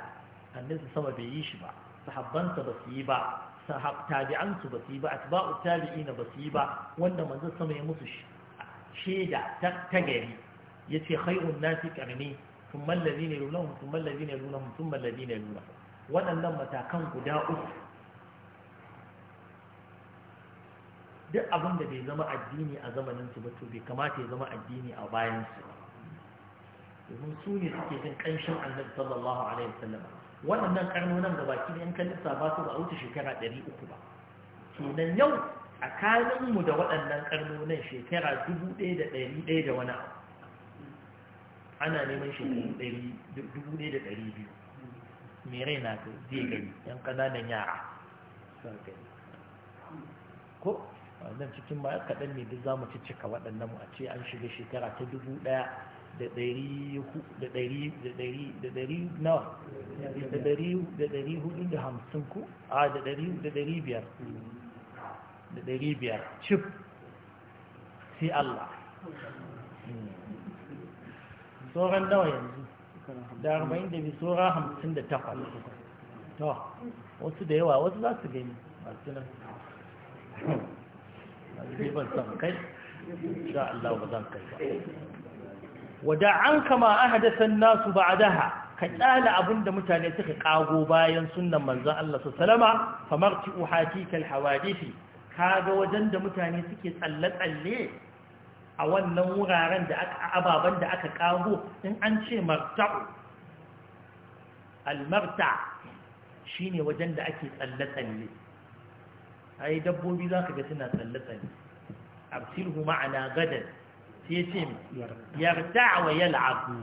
annabi sama bai yi shi ba sahabbansa ba su yi ba tabi'ansu ba su yi ba atba'u tabi'ina ba su yi ba wanda manzo sama ya musu shaida ta gari yace khairun nasi qarni thumma alladhina yalunhum thumma alladhina yalunhum thumma alladhina yalunhum waɗannan matakan guda uku duk abin da bai zama addini a zamanin su ba to bai kamata ya zama addini a bayan su domin su ne suke jin kanshin annabi sallallahu alaihi wasallam wannan karnonan da baki ne in kan su ba a wuce shekara 300 ba kenan yau a kanin mu da waɗannan nan shekara 1100 da wani ana neman shekaru 1200 mai rai na zai gani yan kananan yara ko wannan cikin ma kaɗan ne duk za mu ci cika waɗannan mu. a ce an shiga shekara ta dubu ɗaya da ɗari nawa da ɗari hudu da hamsin ku a da ɗari biyar da ɗari biyar cif sai Allah tsoron hmm. nawa yanzu da arba'in da biyu tsoron hamsin da takwas to wasu da yawa wasu za su gani masu nan sai ban san kai insha Allah ba zan kai ba wada'an kama ahdathan nasu ba'daha ka tsala abinda mutane suka kago bayan sunnan manzon Allah sallama famarti'u hatika alhawadisi kaga wajen da mutane suke tsalle tsalle a wannan wuraren da aka ababan da aka kago in an ce marta'u almarta shine wajen da ake tsalle tsalle ai dabbobi za ka ga suna tsalle-tsalle absilhu ma'ana gadar. sai ya ce yarda wa yal'abu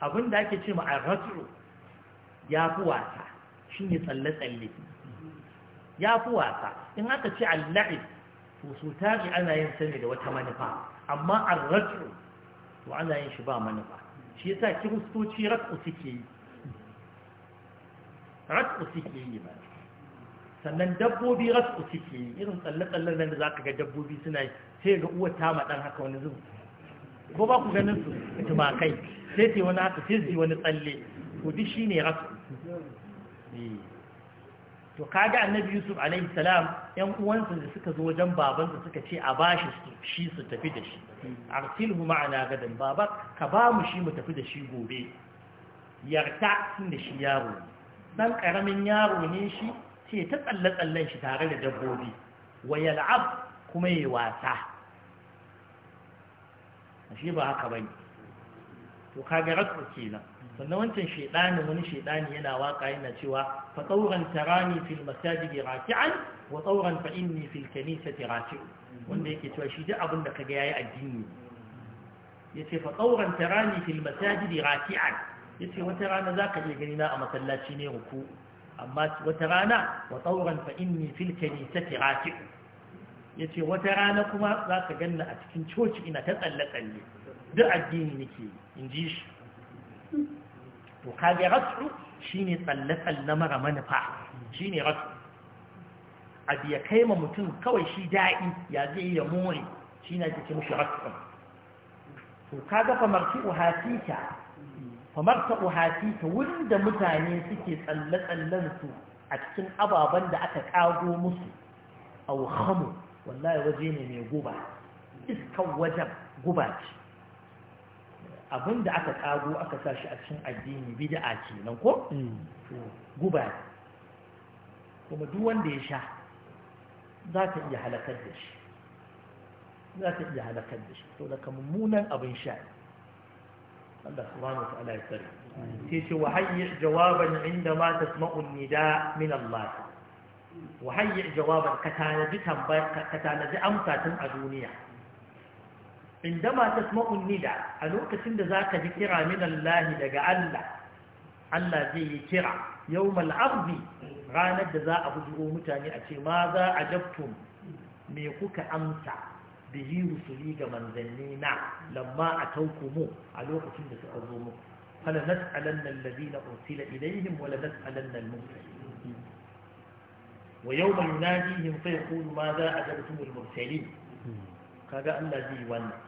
abin da ake ce ma'arratu ya fi wasa shi ne tsalle-tsalle ya fi wasa in aka ce allahi to su tari ana yin sani da wata manufa amma arratu to ana yin shi ba manufa shi yasa kiristoci rat'u suke yi suke yi ba sannan dabbobi rasu suke irin tsalle-tsallen nan da za ka ga dabbobi suna sai ga uwa ta maɗan haka wani zuwa ko ba ku ganin su tumakai sai sai wani haka sai zai wani tsalle ko duk shi ne rasu eh. to kaga annabi yusuf alaihi salam yan uwansa da suka zo wajen babansa suka ce a bashi shi su tafi da shi arsilhu ma'ana gadan baba ka ba mu shi mu tafi da shi gobe yarta tun da shi yaro dan karamin yaro ne shi sai ta tsalle-tsallen shi tare da dabbobi wa yal'ab kuma yi wasa shi ba haka ba ne to kaga rasu kenan sannan wancan shaidani wani shaidani yana waka yana cewa fa tsauran tarani fil masajidi raki'an wa tsauran fa inni fil kanisati raki'u wanda yake cewa shi duk abin da kaga yayi addini yace fa tsauran tarani fil masajidi raki'an yace wata rana zaka iya gani na a masallaci ne ruku'u amma wata rana wa tsauran fa inni ta kanisati Ya ce wata rana kuma za ka ganna a cikin coci ina ta tsalle tsalle duk addini nake in ji shi to kage rasu shine tsalle tsalle mara manufa shine rasu abi ya kai ma mutum kawai shi da'i ya zai ya more shi na ke shi mushi rasu to kaga fa marti'u hasita fa marta'u ta wanda da mutane suke tsalle-tsallen su a cikin ababen da aka kago musu aw khamu wallahi waje ne mai guba iskan wajen guba ce abin da aka kago aka sa shi a cikin addini bid'a ce nan ko mm. guba ne kuma duk wanda ya sha za ta iya halakar da shi za ta iya halakar da shi to daga munan abin sha ne Allah subhanahu wa ta'ala ya tsare sai ce wa hayyi jawaban inda ma tasma'u nida min Allah wa hayyi jawaban ka tanaji tambaya ka tanaji amsa tun a duniya inda ma tasma'u nida a lokacin da zaka ji kira min Allah daga Allah Allah zai yi kira yawmal ardi ranar da za a bujiro mutane a ce ma za a jabtum me kuka amsa bihi rusuli ga manzanni na lamma a taukumu a lokacin da suka zo mu fala nas'alanna alladhina ursila ilayhim wala nas'alanna al-mursalin wa yawma yunadihim fa yaqulu ma za ajabtum al-mursalin kaga Allah zai wannan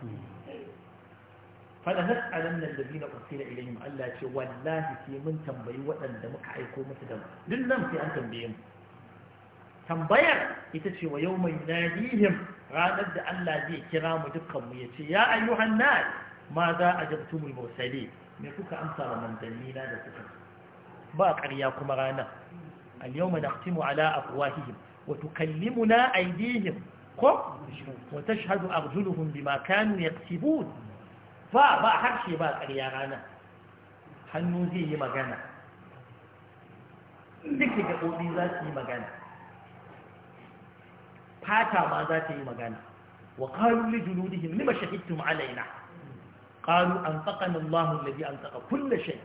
fala nas'alanna alladhina ursila ilayhim Allah ce wallahi sai mun tambayi waɗanda muka aiko musu da duk nan sai an tambaye mu tambayar ita ce wa yawma yunadihim ranar da Allah zai kira mu dukkan mu yace ya ayyuhan nas ma za ajabtumul mursalin me kuka amsa wa manzanni na da suka ba ƙarya kuma ranar al-yawma naqtimu ala afwahihim wa tukallimuna aydihim ko wa tashhadu arjuluhum bima kanu yaksibun fa ba harshe ba ƙarya ranar hannu zai yi magana duk da gaɓoɓi za su yi magana fata ma za ta yi magana wa qalu li juludihim lima shahidtum alaina qalu anfaqana Allahu alladhi anfaqa kull shay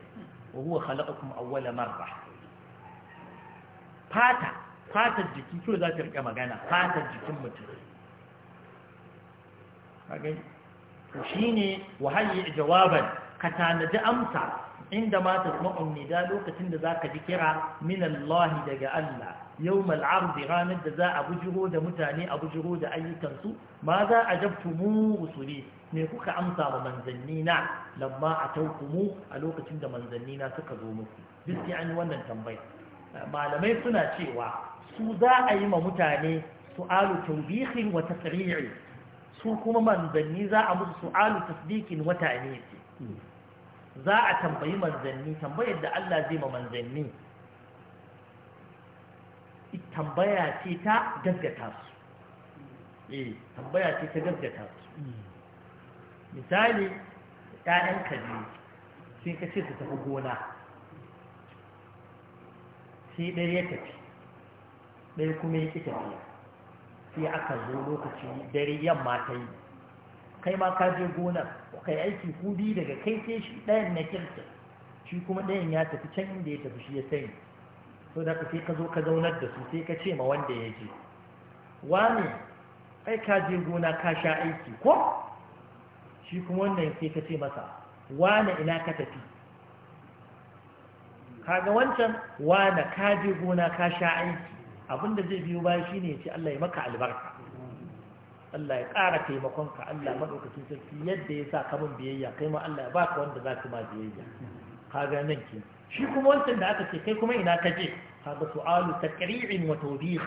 wa huwa khalaqakum awwala marra fata fata jiki to za ta rike magana Fata jikin mutum kage to shine wa hayyi jawaban ka tanaji amsa inda ma umni da lokacin da zaka ji kira min Allah daga Allah yau mal'arzi ranar da za a bujiro da mutane a bujiro da ayyukansu ma za a jabtu mu usuli ne kuka amsa ma manzanni na lamma a tauku mu a lokacin da manzanni na suka zo muku biski an wannan tambayi malamai suna cewa su za a yi ma mutane su'alu tawbihin wa tasri'i su kuma manzanni za a musu su'alu tasdikin wata ne za a tambayi manzanni tambayar da Allah zai ma manzanni tambaya ce ta gaggata su e tambaya ce ta gaggata su misali ɗayan kaji sun sai su tafi gona sai ɗaya ya tafi ɗaya kuma ya ƙi tafiya sai aka zo lokaci dare yamma ta yi kai ma ka je gonar kai aiki ku biyu daga kai sai shi ɗayan na kirkir shi kuma ɗayan ya tafi can inda ya tafi shi ya sani so da sai ka zo ka zaunar da su sai ka ce ma wanda ya je wani kai ka je gona ka sha aiki ko shi kuma wannan sai ka ce masa wani ina ka tafi kaga wancan wani ka je gona ka sha aiki abinda zai biyo baya shine ya ce Allah ya maka albarka Allah ya ƙara taimakonka Allah maɗaukacin sarki yadda ya sa kamun biyayya kai ma Allah ya baka wanda za ka ma biyayya ka ga nan ke shi kuma wancan da aka ce kai kuma ina ka je هذا سؤال تكريع وتوبيخ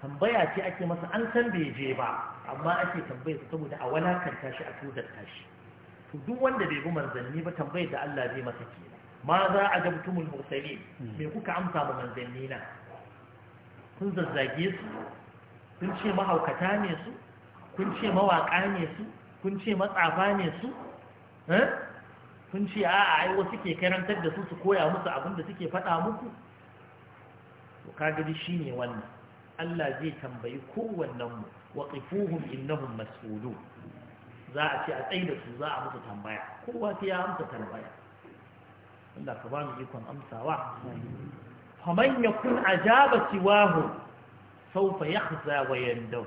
tambaya ce ake masa an san bai je ba amma ake tambayar saboda a walakanta shi a tuzarta shi to duk wanda bai bi manzanni ba tambayar da Allah zai masa kenan ma za a gabtumul mursalin me kuka amsa ma manzanni na kun zazzage su kun ce mahaukata ne su kun ce mawaka ne su kun ce matsafa ne su eh kun ce a ai wasu ke karantar da su su koya musu abin da suke faɗa muku to kaga shi ne wannan Allah zai tambayi kowannen mu waqifuhum innahum mas'ulun za a ce a tsaye da su za a musu tambaya kowa sai ya amsa tambaya Wanda ka ba mu ikon amsawa faman yakun ajaba siwahu sawfa yakhza wa yandam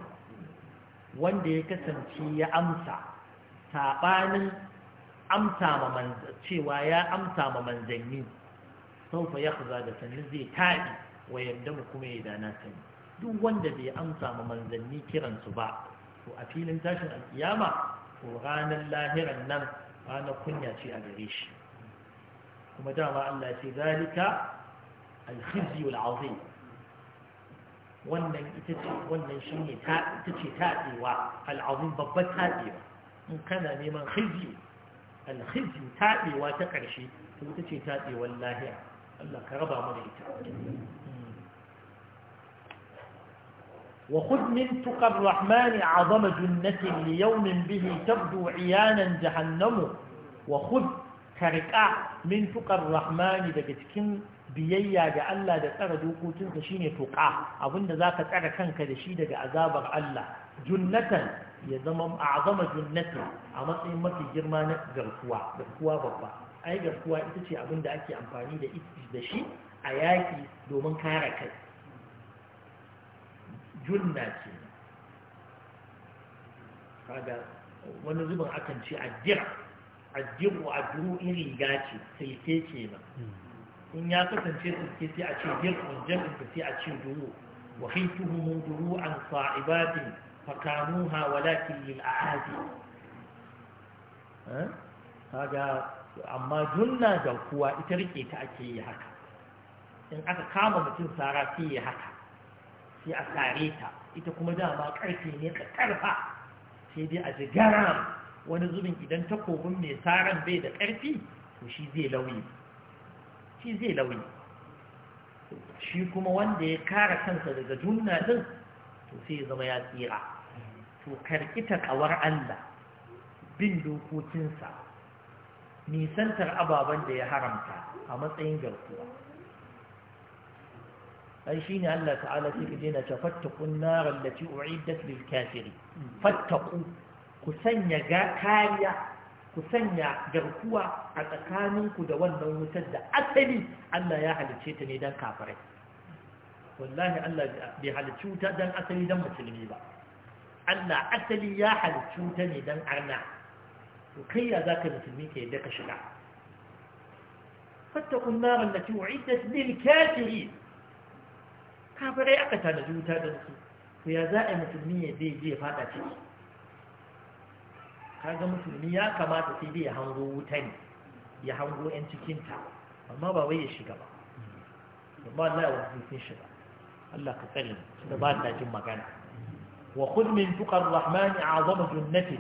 wanda ya kasance ya amsa sabanin amsa ma manzo cewa ya amsa ma manzanni ya yakhza da sannan zai taɗi wa mu kuma ya dana sani duk wanda bai amsa ma manzanni kiransu ba to a filin tashin alkiyama to ranar lahiran nan ranar kunya ce a gare shi kuma dama Allah ce zalika alkhizyu alazim wannan ita ce wannan ta ita ce babbar taɗewa. in kana neman khizyu alhizi taɗewa ta ƙarshe to ta ce taɗewar lahiya Allah ka raba mu da ita wa khudh min tuqar rahmani azama junnatin li yawmin bihi tabdu iyanan jahannamu wa khudh mintuƙar min rahmani daga cikin biyayya ga Allah da tsara dokokinsa shine tuƙa abinda zaka tsara kanka da shi daga azabar Allah junnatan ya zama a'zama junnati a matsayin mafi girma na garkuwa garkuwa babba ai garkuwa ita ce abin da ake amfani da da shi a yaki domin kare kai junna ce kaga wani zubin akan ce ajira ajiru ajiru in riga ce silke ce ba in ya kasance silke sai a ce girkin jam'in sai a ce duro wa hituhu duru'an sa'ibatin فكانوها ولكن للأعادي هذا أما جنة جوكوا إتركي تأكي هكا إن أكا كاما متن ساراتي هكا في أساريتا إتكما داما كارتي نيكا كارفا سيدي أزقارام ونزمين إذن تقوم من ساران بيدا كارتي وشي زي لوي shi zai launi shi kuma wanda ya kara kansa daga juna din to sai ya zama ya tsira to karɓi taƙawar Allah bin dokokinsa nisantar ababen da ya haramta a matsayin garkuwa ai shi ne Allah ta'ala sai ka jina ta fattakun narar da ci u'iddat lil kafiri ku sanya ga kariya ku sanya garkuwa a tsakaninku da wannan wutar da asali Allah ya halicce ta ne don kafirai wallahi Allah bai halicci wuta don asali don musulmi ba Allah asali ya halicci ta ne don arna to kai ya za ka musulmi ka yadda ka shiga fattakun naran da ci wa'idda lil kafiri kafirai aka tanaji wuta don su to ya za a musulmi ya zai je fada ciki kaga musulmi ya kamata sai dai ya hango wuta ne ya hango 'yan cikinta amma ba wai ya shiga ba amma Allah ya wasu sun shiga Allah ka tsare da ba ta jin magana wa khud min tuqar rahmani azama junnati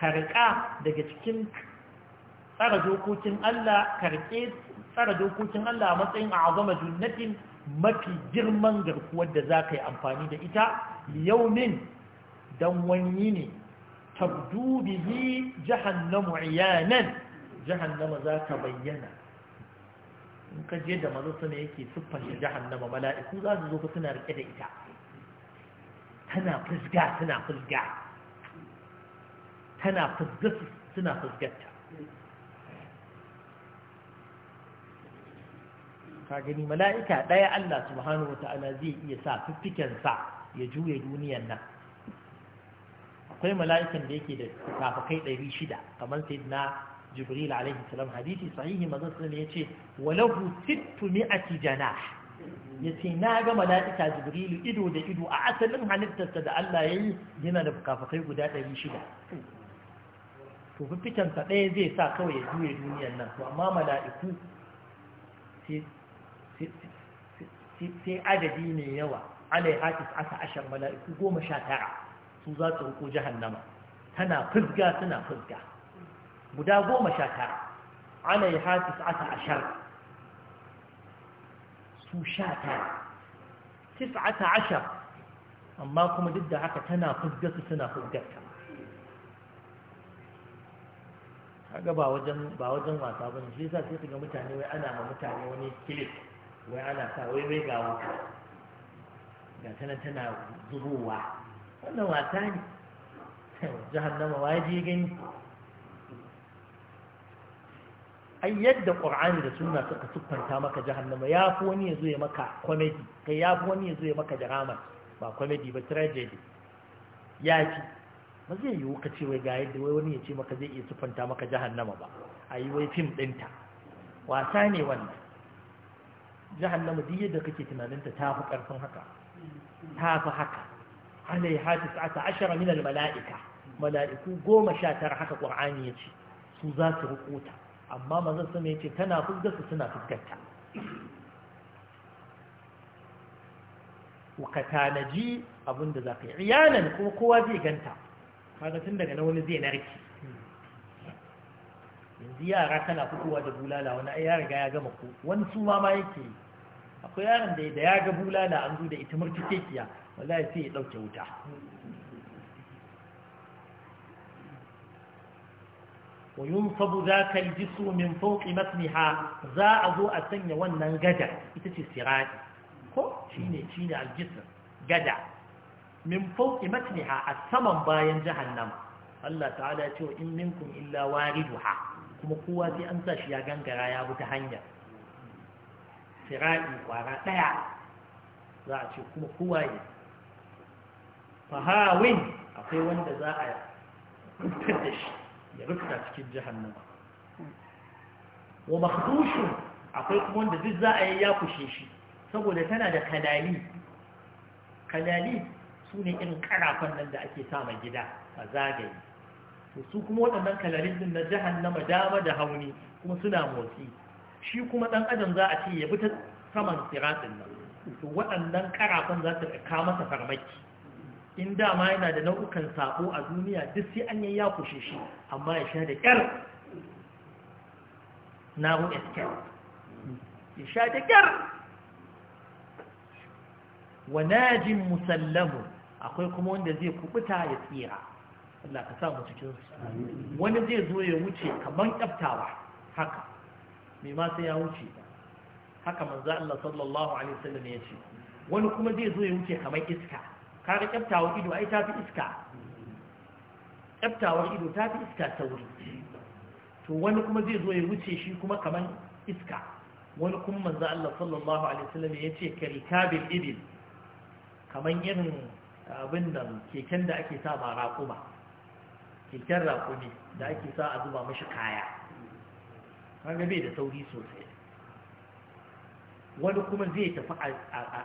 karqa daga cikin tsara dokokin Allah karke tsara dokokin Allah a matsayin azama junnatin mafi girman garkuwar da za ka yi amfani da ita yaumin don wani ne tabdu bihi jahannamu iyanan jahannama za ka bayyana in ka je da mazo suna yake siffanta jahannama mala'iku za su zo ka suna rike da ita tana fusga suna fusga tana fusga suna fusgarta ka gani mala'ika ɗaya Allah subhanahu wa ta'ala zai iya sa fiffikensa ya juya duniyan nan akwai mala'ikan da yake da kafakai ɗari shida kamar sai na jibril alaihi Hadithi hadisi sahihi mazan sun ya ce walahu sittu mi'ati janah ya ce na ga mala'ika jibrilu ido da ido a asalin halittarsa da Allah ya yi yana da fukafukai guda ɗari shida to fifikansa ɗaya zai sa kawai ya juye duniyar nan to amma mala'iku sai adadi mai yawa alai hatis aka ashar mala'iku goma sha tara su za su riko jahannama tana fizga suna fizga guda goma sha tara alai hatis aka ashar su sha tara tis'ata ashar amma kuma duk da haka tana fuzgata suna fuzgata kaga ba wajen ba wajen wasa bane shi yasa sai ga mutane wai ana ma mutane wani kilif wai ana sa wai wai ga wuta ga tana tana zubowa wannan wasa ne jahannama waje gani ai yadda qur'ani da sunna suka siffanta maka jahannama ya fi wani ya zo ya maka comedy kai ya fi wani ya zo ya maka drama ba comedy ba tragedy ya ci ba zai yiwu ka ce wai ga yadda wai wani ya ce maka zai iya siffanta maka jahannama ba a yi wai fim ɗinta wasa ne wannan jahannama duk yadda kake tunaninta ta fi ƙarfin haka ta fi haka alaiha tis'ata ashara min al-mala'ika mala'iku goma sha tara haka qur'ani ya ce su za su rukuta amma mazan sama ya ce tana fuskarsa suna fuskarta ka tanaji abinda za ka yi iyanan kuma kowa zai ganta kaga tun daga na wani zai narki yanzu yara tana fitowa da bulala wani ya riga ya gama ku wani su ma yake akwai yaron da ya ga bulala an zo da ita murtikekiya wallahi sai ya ɗauke wuta wayun sabu za ka ji su min fauki matsiha za a zo a sanya wannan gada ita ce sirari ko shi ne shi ne aljisar gada min fauki matsiha a saman bayan jahannan Allah ta'ala ce wa in minkum illa wari duha kuma kowa sai an sa shi ya gangara ya wuta hanya sirari kwara ɗaya za a ce kuma kowa ne fahawin akwai wanda za a ya rufta cikin jahannama wa makhdushu akwai kuma wanda duk za a yi ya kushe shi saboda tana da kalali kalali su ne irin karafan nan da ake sama gida a zagaye to su kuma waɗannan kalalin din na jahannama dama da hauni kuma suna motsi shi kuma ɗan adam za a ce ya bi ta saman siratin nan to waɗannan karafan za su ka masa farmaki in dama yana da nau'ukan sabo a duniya duk sai an yayya kushe shi amma ya sha da kyar na hu eskel ya sha da kyar wa najin musallamu akwai kuma wanda zai kubuta ya tsira Allah ka samu cikin wani zai zo ya wuce kaman kyaftawa haka mai ma sai ya wuce haka manzo Allah sallallahu alaihi wasallam ya ce wani kuma zai zo ya wuce kaman iska kaga kyaftawa ido ai tafi iska kyaftawar ido tafi iska sauri to wani kuma zai zo ya wuce shi kuma kaman iska wani kuma manzo Allah sallallahu alaihi wasallam ya ce karikabil ibil kaman irin abin da keken da ake sa ba raƙuma keken raƙumi da ake sa a zuba mashi kaya kaga bai da sauri sosai wani kuma zai tafi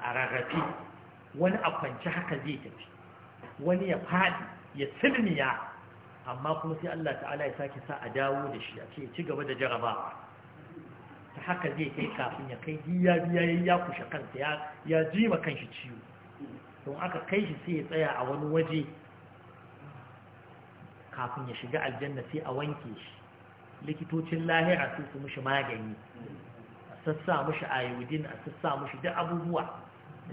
a rarrafe wani a kwanci haka zai tafi wani ya faɗi ya silmiya amma kuma sai Allah ta'ala ya sake sa a dawo da shi a ce ci gaba da jarabawa ta haka zai kai kafin ya kai ya biya ya ya kushe kansa ya ji ma kanshi ciwo don aka kai shi sai ya tsaya a wani waje kafin ya shiga aljanna sai a wanke shi likitocin lahira sai su magani a sassa mushi ayodin a sassa mushi duk abubuwa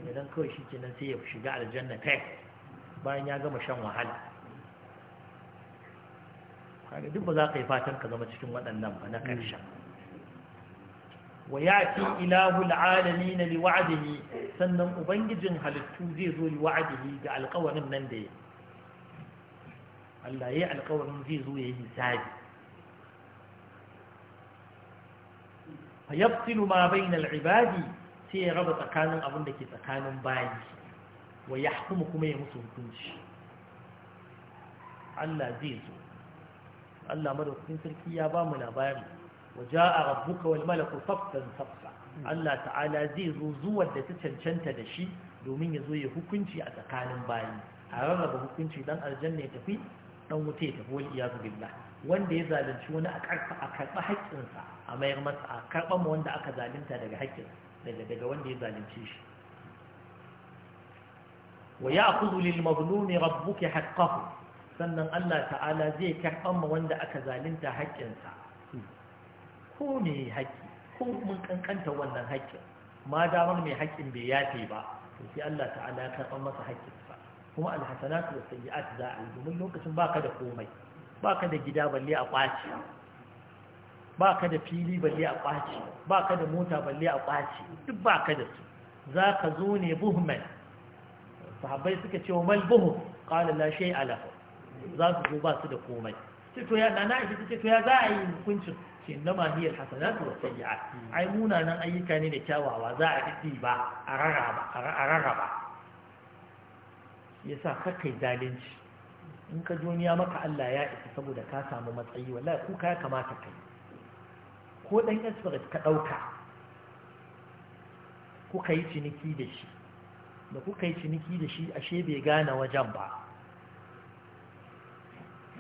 daga nan kawai shi kenan sai ya shiga aljanna ta bayan ya gama shan wahala kaga duk ba za ka yi fatan ka zama cikin waɗannan ba na ƙarshen wa ya'ti ilahu alalamin li wa'dihi sannan ubangijin halittu zai zo li wa'dihi ga alƙawarin nan da yi Allah yi alƙawarin zai zo yi hisabi fa yaftilu ma bainal ibadi sai ya raba tsakanin abin da ke tsakanin shi wa ya hukumu kuma ya musu hukunci Allah zai zo Allah madaukakin sarki ya ba mu labari wa ja'a rabbuka wal malaku saffan saffa Allah ta'ala zai zo zuwa da ta cancanta da shi domin ya zo ya hukunci a tsakanin bayan a rarraba hukunci dan aljanna ya tafi dan wuta ya tafi wal iyazu billah wanda ya zalunci wani a karɓa haƙƙinsa a mayar masa a karɓa wanda aka zalunta daga haƙƙinsa daga wanda ya zalunce shi wa ya'khudhu lil mazlumi rabbuka haqqahu sannan Allah ta'ala zai karɓan ma wanda aka zalunta haƙƙinsa ko ne haƙƙi ko mun kankanta wannan haƙƙin ma damar mai haƙƙin bai yafe ba to sai Allah ta'ala ya karban masa haƙƙinsa kuma alhasanatu was sayyi'at za a yi domin lokacin baka da komai baka da gida balle a ƙwaci ba ka da fili balle a ƙwace ba ka da mota balle a ƙwace duk ba ka da su za ka zo ne buhman sahabbai suka ce wa mal buhu ƙala la shay ala za su zo ba su da komai ce ya nana ita ce ya za a yi hukuncin ce na ma hiyar hasanatu wa sayyi'at ai munanan ayyuka ne da kyawawa za a didi ba a rarraba a rarraba yasa kakai zalunci in ka duniya maka Allah ya isa saboda ka samu matsayi wallahi kuka ya kamata kai ko ɗan express ka ɗauka kuka yi ciniki da shi da kuka yi ciniki da shi ashe bai gane wajen ba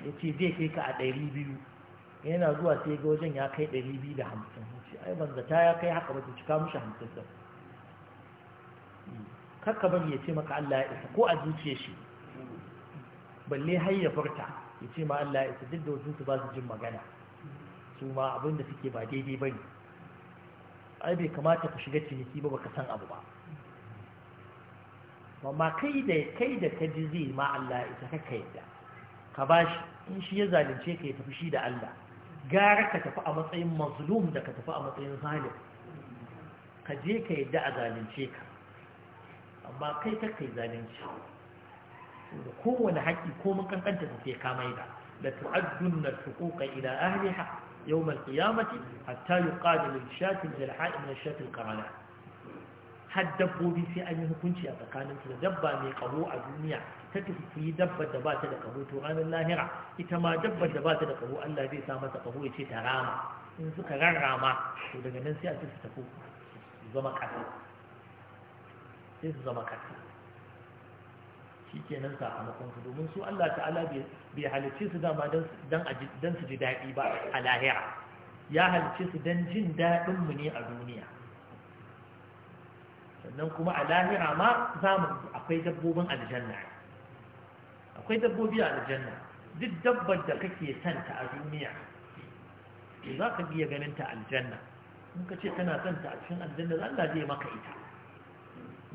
ya ce zai kai ka a ɗari biyu yana zuwa sai ga wajen ya kai ɗari biyu da hamsin ce ai banza ta ya kai haka ba cika mushi hamsin sau kakka bari ya ce maka Allah ya isa ko a zuciya shi balle har ya furta ya ce ma Allah ya isa duk da wasu su ba su jin magana su ma abin da suke ba daidai ba ne ai bai kamata ka shiga ciniki ba baka san abu ba amma kai da kai da ka ji zai ma Allah ita ka yadda ka bashi in shi ya zalunce ka ya tafi shi da Allah gara ka tafi a matsayin mazlum da ka tafi a matsayin zalim ka je ka yadda a zalunce ka amma kai ka kai zalunci da kowane haƙƙi ko mun kankanta su sai ka maida la tu'addun al-huquqa ila ahliha يوم القيامة حتى يقاد للشاة الجلحاء من الشاة القرناء haddabo bi sai an yi hukunci a tsakanin su da dabba mai kaho a duniya ta tafi su yi dabba da ba ta da kaho to ranar lahira ita ma dabba da ba ta da kaho Allah zai sa mata kaho ya ce ta rama in suka rarrama to daga nan sai a ce su tafi su zama kasa sai su zama kasa shi kenan sakamakon su domin su Allah ta'ala bai halicce su dama don su ji daɗi ba a lahira ya halicce su don jin daɗinmu ne a duniya sannan kuma a lahira ma za zamu akwai dabbobin aljanna akwai dabbobi a aljanna duk dabbar da kake son santa a duniya za ka biya ganin ta aljanna in ka ce kana santa a cikin aljanna Allah zai maka ita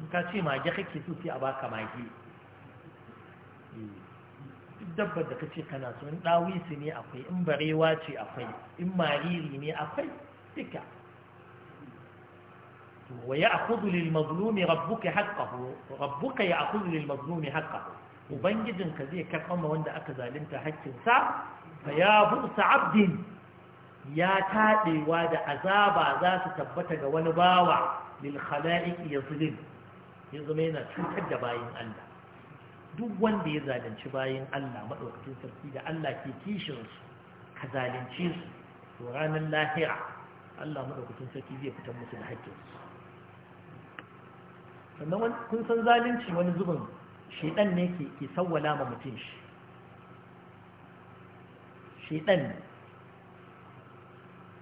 in ka ce mage kake so sai a baka mage dabbar da ka ce kana so in ɗawisi ne akwai in barewa ce akwai in mariri ne akwai duka wa ya akudulil mazlumi rabbuka haqqahu rabbuka ya akudulil mazlumi haqqahu ubangijin ka zai karɓama wanda aka zalunta haƙƙinsa fa ya busa abdin ya taɗewa da azaba za su tabbata ga wani bawa lil khala'iq yazlim yana cutar da bayan Allah duk wanda ya zalunci bayan Allah maɗaukacin sarki da Allah ke kishinsu ka zalunci su to ranar lahira Allah maɗaukacin sarki zai fitar musu da haƙƙinsu sannan kun san zalunci wani zubin shaidan ne ke sawwala ma mutum shi shaidan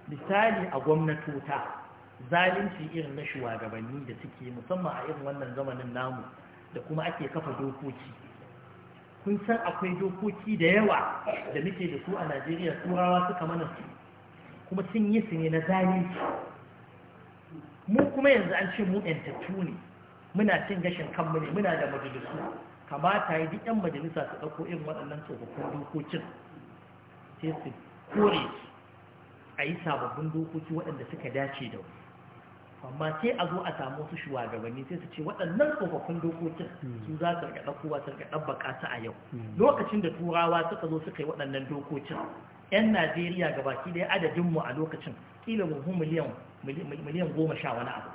misali a gwamnatota zalunci irin na shugabanni da suke musamman a irin wannan zamanin namu da kuma ake kafa dokoki kun san akwai dokoki da yawa da muke da su a najeriya turawa suka mana su kuma sun yi su ne na zane. mu kuma yanzu an ce mu yantattu ne muna cin gashin kanmu ne muna da majalisu kamata yi duk 'yan majalisa su ɗauko irin waɗannan tsofaffin dokokin sai su kore a yi sababbin dokoki waɗanda suka dace da mu amma sai a zo a samu su shugabanni sai su ce waɗannan tsofaffin dokokin su za su riƙa ɗaukowa su riƙa ɗabbaka su a yau hmm. lokacin da turawa suka zo suka yi waɗannan dokokin 'yan najeriya ga baki ɗaya adadinmu a lokacin kila mu miliyan goma sha wani abu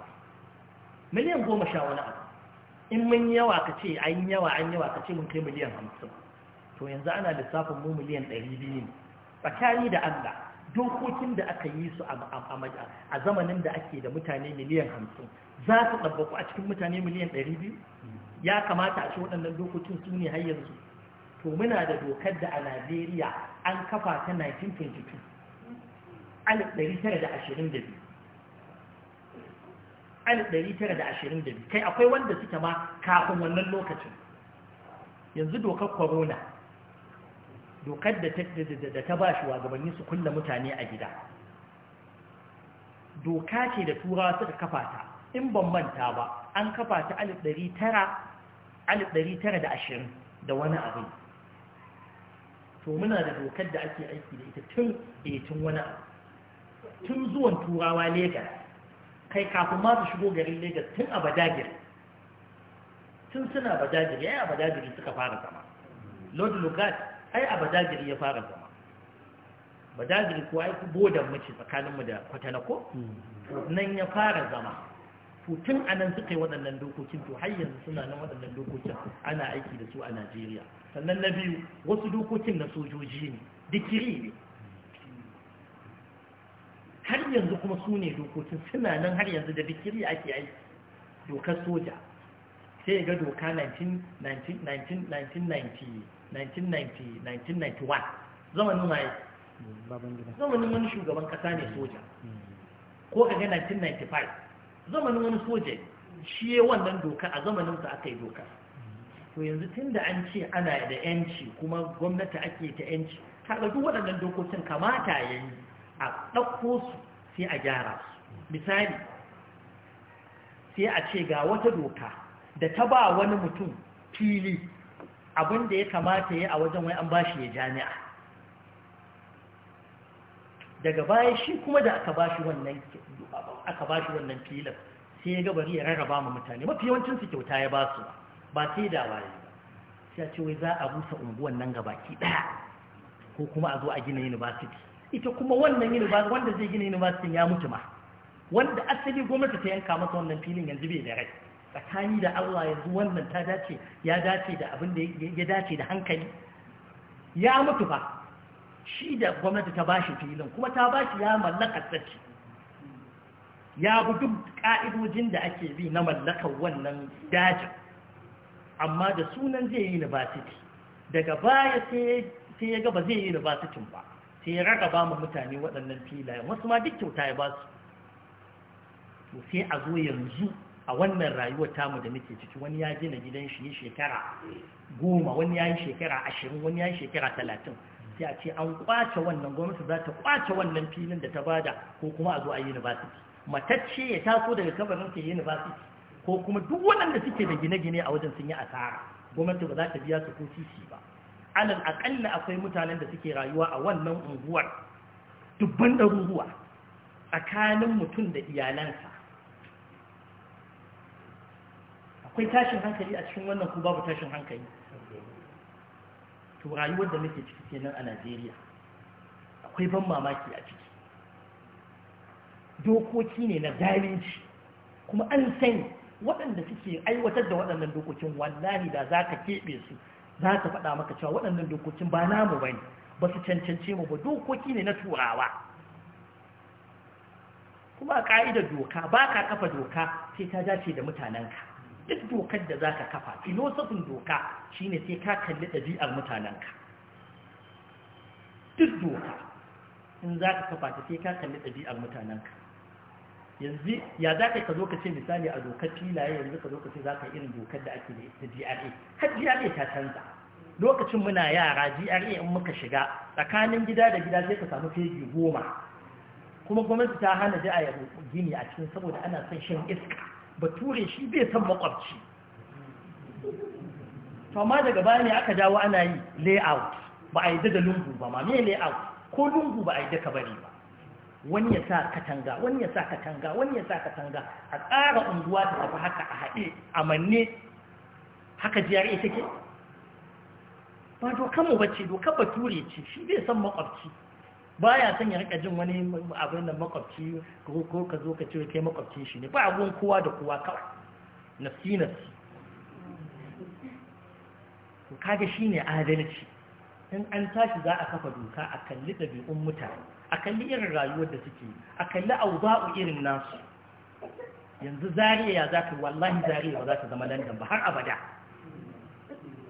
miliyan goma sha wani abu in mun yawa ka ce an yawa an yawa ka ce mun kai miliyan hamsin to yanzu ana lissafin mu miliyan ɗari biyu ne tsakani da allah dokokin da aka yi su a zamanin da ake da mutane miliyan hamsin za su ɗabbaku a cikin mutane miliyan ɗari biyu ya kamata a ce waɗannan dokokin su ne har su to muna da dokar da a najeriya an kafa ta 1922 1922 kai akwai wanda suke ma kafin wannan lokacin yanzu dokar corona dokar da ta ba shi wagabanni su kulle mutane a gida doka ce da turawa suka kafa ta in ban manta ba an kafa ta 1920 da wani abu to muna da dokar da ake aiki da ita tun etin eh, wani abu tun zuwan turawa Legas, kai kafin ma su shigo garin Legas tun a badagir tun suna badagir ya yi a badagir suka fara zama lord lugat ai a badagiri ya fara zama badagiri kuwa ya fi bodan mace tsakaninmu da kwatanako mm. nan ya fara zama tun a nan suka yi waɗannan dokokin to har yanzu suna nan waɗannan dokokin ana aiki da su a najeriya sannan na biyu wasu dokokin na sojoji ne dikiri ne har yanzu kuma su ne dokokin suna nan har yanzu da dikiri ake aiki dokar soja sai ga doka 1990 1991 zamanin waye zamanin wani shugaban kasa ne soja ko kaga 1995 zamanin wani soja shi ya wannan doka a zamaninsa aka yi doka to yanzu tun da an ce ana da yanci kuma gwamnati ake ta yanci ta duk waɗannan dokokin kamata ya yi a ɗauko su sai a gyara su misali sai a ce ga wata doka da ta ba wani mutum fili abin da ya kamata ya a wajen wai an bashi ya jami'a daga baya shi kuma da aka bashi wannan wannan filin sai ya gabari ya rarraba ma mutane mafi yawancin su kyauta ya ba su ba sai da waye ba sai ce wai za a busa unguwan nan gabaki daya ko kuma a zo a gina university ita kuma wannan university wanda zai gina university ya mutu ma wanda asali gwamnati ta yanka masa wannan filin yanzu bai da rai tsakani da Allah yanzu wannan ta dace ya dace da abin da ya dace da hankali ya mutu fa shi da gwamnati ta bashi filin kuma ta bashi ya mallaka tsaki ya bi duk ka'idojin da ake bi na mallakar wannan dajin amma da sunan zai yi university daga baya sai ya gaba zai yi university ba sai ya raka ba mu mutane waɗannan filayen wasu ma duk kyauta ya ba su sai a zo yanzu a wannan rayuwar tamu da muke ciki wani ya gina gidan shi shekara goma wani ya yi shekara ashirin wani ya yi shekara talatin sai a ce an kwace wannan gwamnati za ta kwace wannan filin da ta bada ko kuma a zo a university matacce ya taso daga kabarin ke university ko kuma duk waɗanda suke da gine-gine a wajen sun yi asara gwamnati ba za ta biya su ko sisi ba alal akalla akwai mutanen da suke rayuwa a wannan unguwar dubban ɗaruruwa tsakanin mutum da iyalansa akwai tashin hankali a cikin wannan ko babu tashin hankali to rayuwar da muke ciki kenan a Najeriya akwai ban mamaki a ciki dokoki ne na zalunci kuma an san waɗanda suke aiwatar da waɗannan dokokin wallahi da za ka keɓe su za ka faɗa maka cewa waɗannan dokokin ba namu ba ne ba su cancance mu ba dokoki ne na turawa kuma a ƙa'idar doka ba ka kafa doka sai ta dace da mutanenka duk dokar da za ka kafa filosofin doka shine sai ka kalli ɗabi'ar mutanenka duk doka in za ka kafa ta sai ka kalli ɗabi'ar mutanenka yanzu ya za ka zo ka ce misali a dokar filaye yanzu ka zo ka ce za ka irin dokar da ake da GRA har GRA ta canza lokacin muna yara GRA in muka shiga tsakanin gida da gida sai ka samu fegi goma kuma gwamnati ta hana da a gini a cikin saboda ana son shan iska bature shi bai san makwabci To amma daga baya ne aka dawo ana yi layout ba a yi da lungu ba ma me layout ko lungu ba a yi daga bari ba wani ya sa katanga wani ya sa katanga wani ya sa katanga a tsara unguwa ta tafi haka a haɗe a manne haka GRA take ba dokan mu bace dokan bature ce shi bai san makwabci baya son ya rika jin wani abin da makwabci ko ka zo ka ce kai makwabci shi ne ba abun kowa da kowa kawai nafsi nafsi to shi shine adalci in an tashi za a kafa doka a kalli ɗabi'un mutane a kalli irin rayuwar da suke a kalli auza'u irin nasu yanzu zariya za ta wallahi zariya ba za ta zama landan ba har abada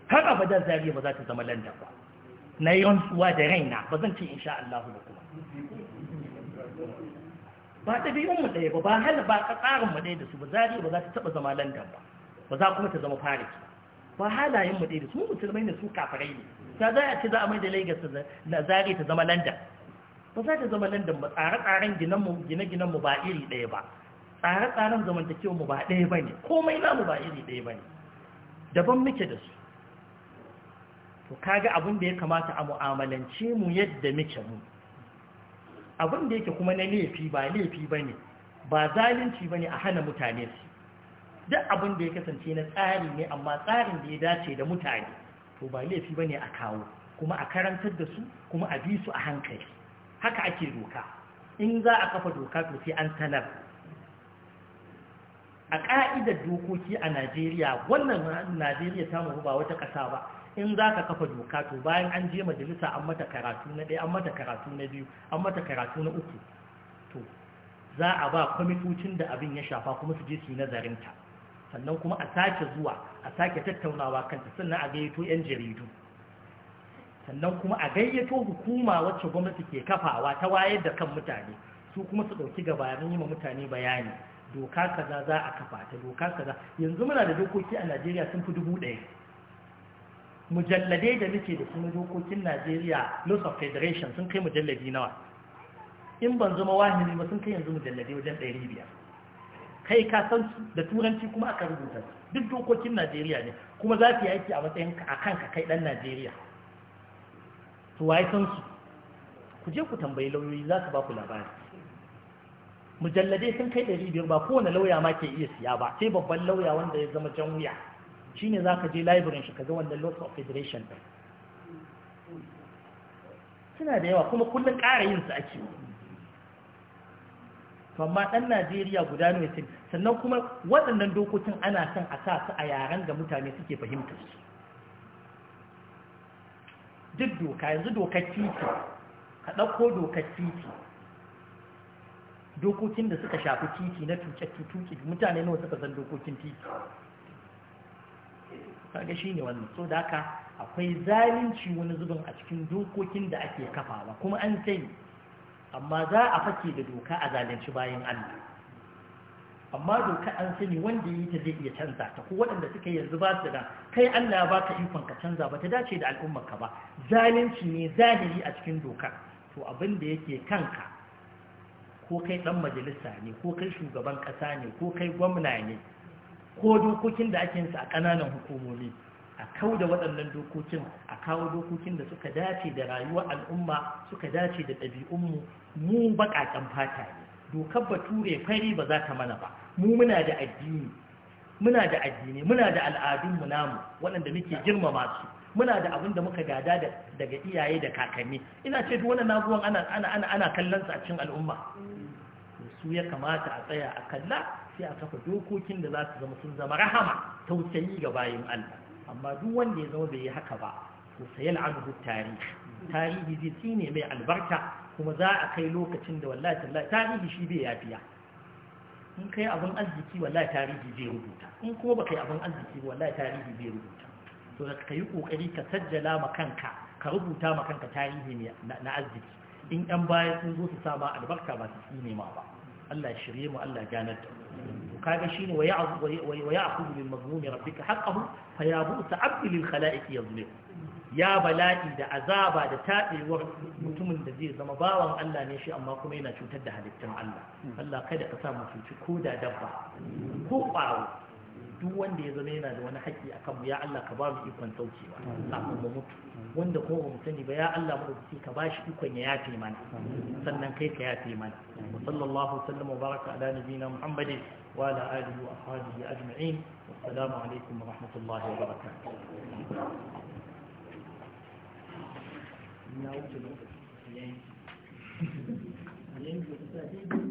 har abada zariya ba za ta zama landan ba na yi rantsuwa da raina ba zan ce insha Allah ba kuma ba ɗabi'un mu ɗaya ba ba hal ba tsarin mu ɗaya da su ba zari ba za ta taɓa zama London ba ba za kuma ta zama Paris ba halayen mu ɗaya da su mu musulmai ne su kafirai ne ta za a ce za a mai da Lagos na zari ta zama London ba za ta zama London ba tsare-tsaren gine-ginen mu ba iri ɗaya ba tsare-tsaren zamantakewa mu ba ɗaya ba ne komai namu ba iri ɗaya ba ne daban muke da su to kaga abin da ya kamata a mu'amalance mu yadda muke mu abin da yake kuma na laifi ba laifi ba ba zalunci ba a hana mutane su duk abin da ya kasance na tsari ne amma tsarin da ya dace da mutane to ba laifi ba a kawo kuma a karantar da su kuma a bi su a hankali haka ake doka in za a kafa doka to sai an sanar a ƙa'idar dokoki a najeriya wannan najeriya ta mu ba wata ƙasa ba in za ka kafa doka to bayan an je majalisa an mata karatu na ɗaya an mata karatu na biyu an mata karatu na uku to za a ba kwamitocin da abin ya shafa kuma su je su yi nazarinta sannan kuma a sake zuwa a sake tattaunawa kanta sannan a gayyato 'yan jaridu sannan kuma a gayyato hukuma wacce gwamnati ke kafawa ta wayar da kan mutane su kuma su ɗauki gabarin yi ma mutane bayani doka kaza za a kafa ta doka kaza yanzu muna da dokoki a najeriya sun fi dubu ɗaya mujalladai da muke da kuma dokokin najeriya laws of federation sun kai mujalladi nawa in ban zama wahiri ba sun kai yanzu mujalladai wajen 500 kai ka san da turanci kuma aka rubuta duk dokokin najeriya ne kuma za su yi aiki a matsayin a kanka kai dan najeriya to waye san su ku je ku tambayi lauyoyi za su ba ku labari mujalladai sun kai 500 ba kowane lauya ma ke iya siya ba sai babban lauya wanda ya zama jan wuya shi ne za ka je library shi ka ga wannan Lords of Federation ɗin suna da yawa kuma kullum ƙara yin su ake amma ɗan Najeriya guda ne sun sannan kuma waɗannan dokokin ana son a sa su a yaren da mutane suke fahimtar su duk doka yanzu dokar titi ka ɗauko dokar titi dokokin da suka shafi titi na tuce tuce mutane nawa suka san dokokin titi kaga ne wannan so da haka akwai zalunci wani zubin a cikin dokokin da ake kafawa kuma an sani amma za a fake da doka a zalunci bayan Allah amma doka an sani wanda yi ta zai iya canza ta ko waɗanda suka yanzu ba su da kai Allah ya baka ikon ka canza ba ta dace da al'ummar ka ba zalunci ne zahiri a cikin doka to abin da yake kanka ko kai dan majalisa ne ko kai shugaban ƙasa ne ko kai gwamna ne ko dokokin da ake yinsa a ƙananan hukumomi a kau da waɗannan dokokin a kawo dokokin da suka dace da rayuwar al'umma suka dace da ɗabi'unmu mu baƙaƙen fata ne dokar bature fari ba za ta mana ba mu muna da addini muna da addini muna da al'adunmu namu waɗanda muke girmama su muna da abin da muka gada daga iyaye da kakanni ina ce duk wannan abubuwan ana ana a cikin al'umma su ya kamata a tsaya a kalla sai a kafa dokokin da za su zama sun zama rahama tausayi ga bayan Allah amma duk wanda ya zama bai yi haka ba to sayal anhu tarihi tarihi zai tsine mai albarka kuma za a kai lokacin da wallahi tallahi tarihi shi bai yafiya in kai abin arziki wallahi tarihi zai rubuta in kuma ba kai abin arziki ba wallahi tarihi zai rubuta to da ka yi kokari ka sajjala ma kanka ka rubuta ma kanka tarihi na arziki in ɗan baya sun zo su sama albarka ba su tsine ma ba Allah shirye mu Allah ganar da mu kaga shine wa ya'khudhu min mazmumi rabbika haqqahu fa ya bu'sa 'abdi lil khala'iq ya bala'i da azaba da tadewar mutumin da zai zama bawan Allah ne shi amma kuma yana cutar da halittun Allah Allah kada ka sa mu cuci ko da dabba ko ƙwaro duk wanda ya zama yana da wani haƙƙi a kanmu ya Allah ka ba mu ikon saukewa kafin mu mutu wanda ko ba mu sani ba ya Allah mu rubuci ka bashi shi ikon ya yafe mana sannan kai ka yafe mana wa sallallahu sallam wa baraka ala nabiyina muhammadin wa ala alihi wa ashabihi ajma'in wassalamu alaikum wa rahmatullahi wa barakatuh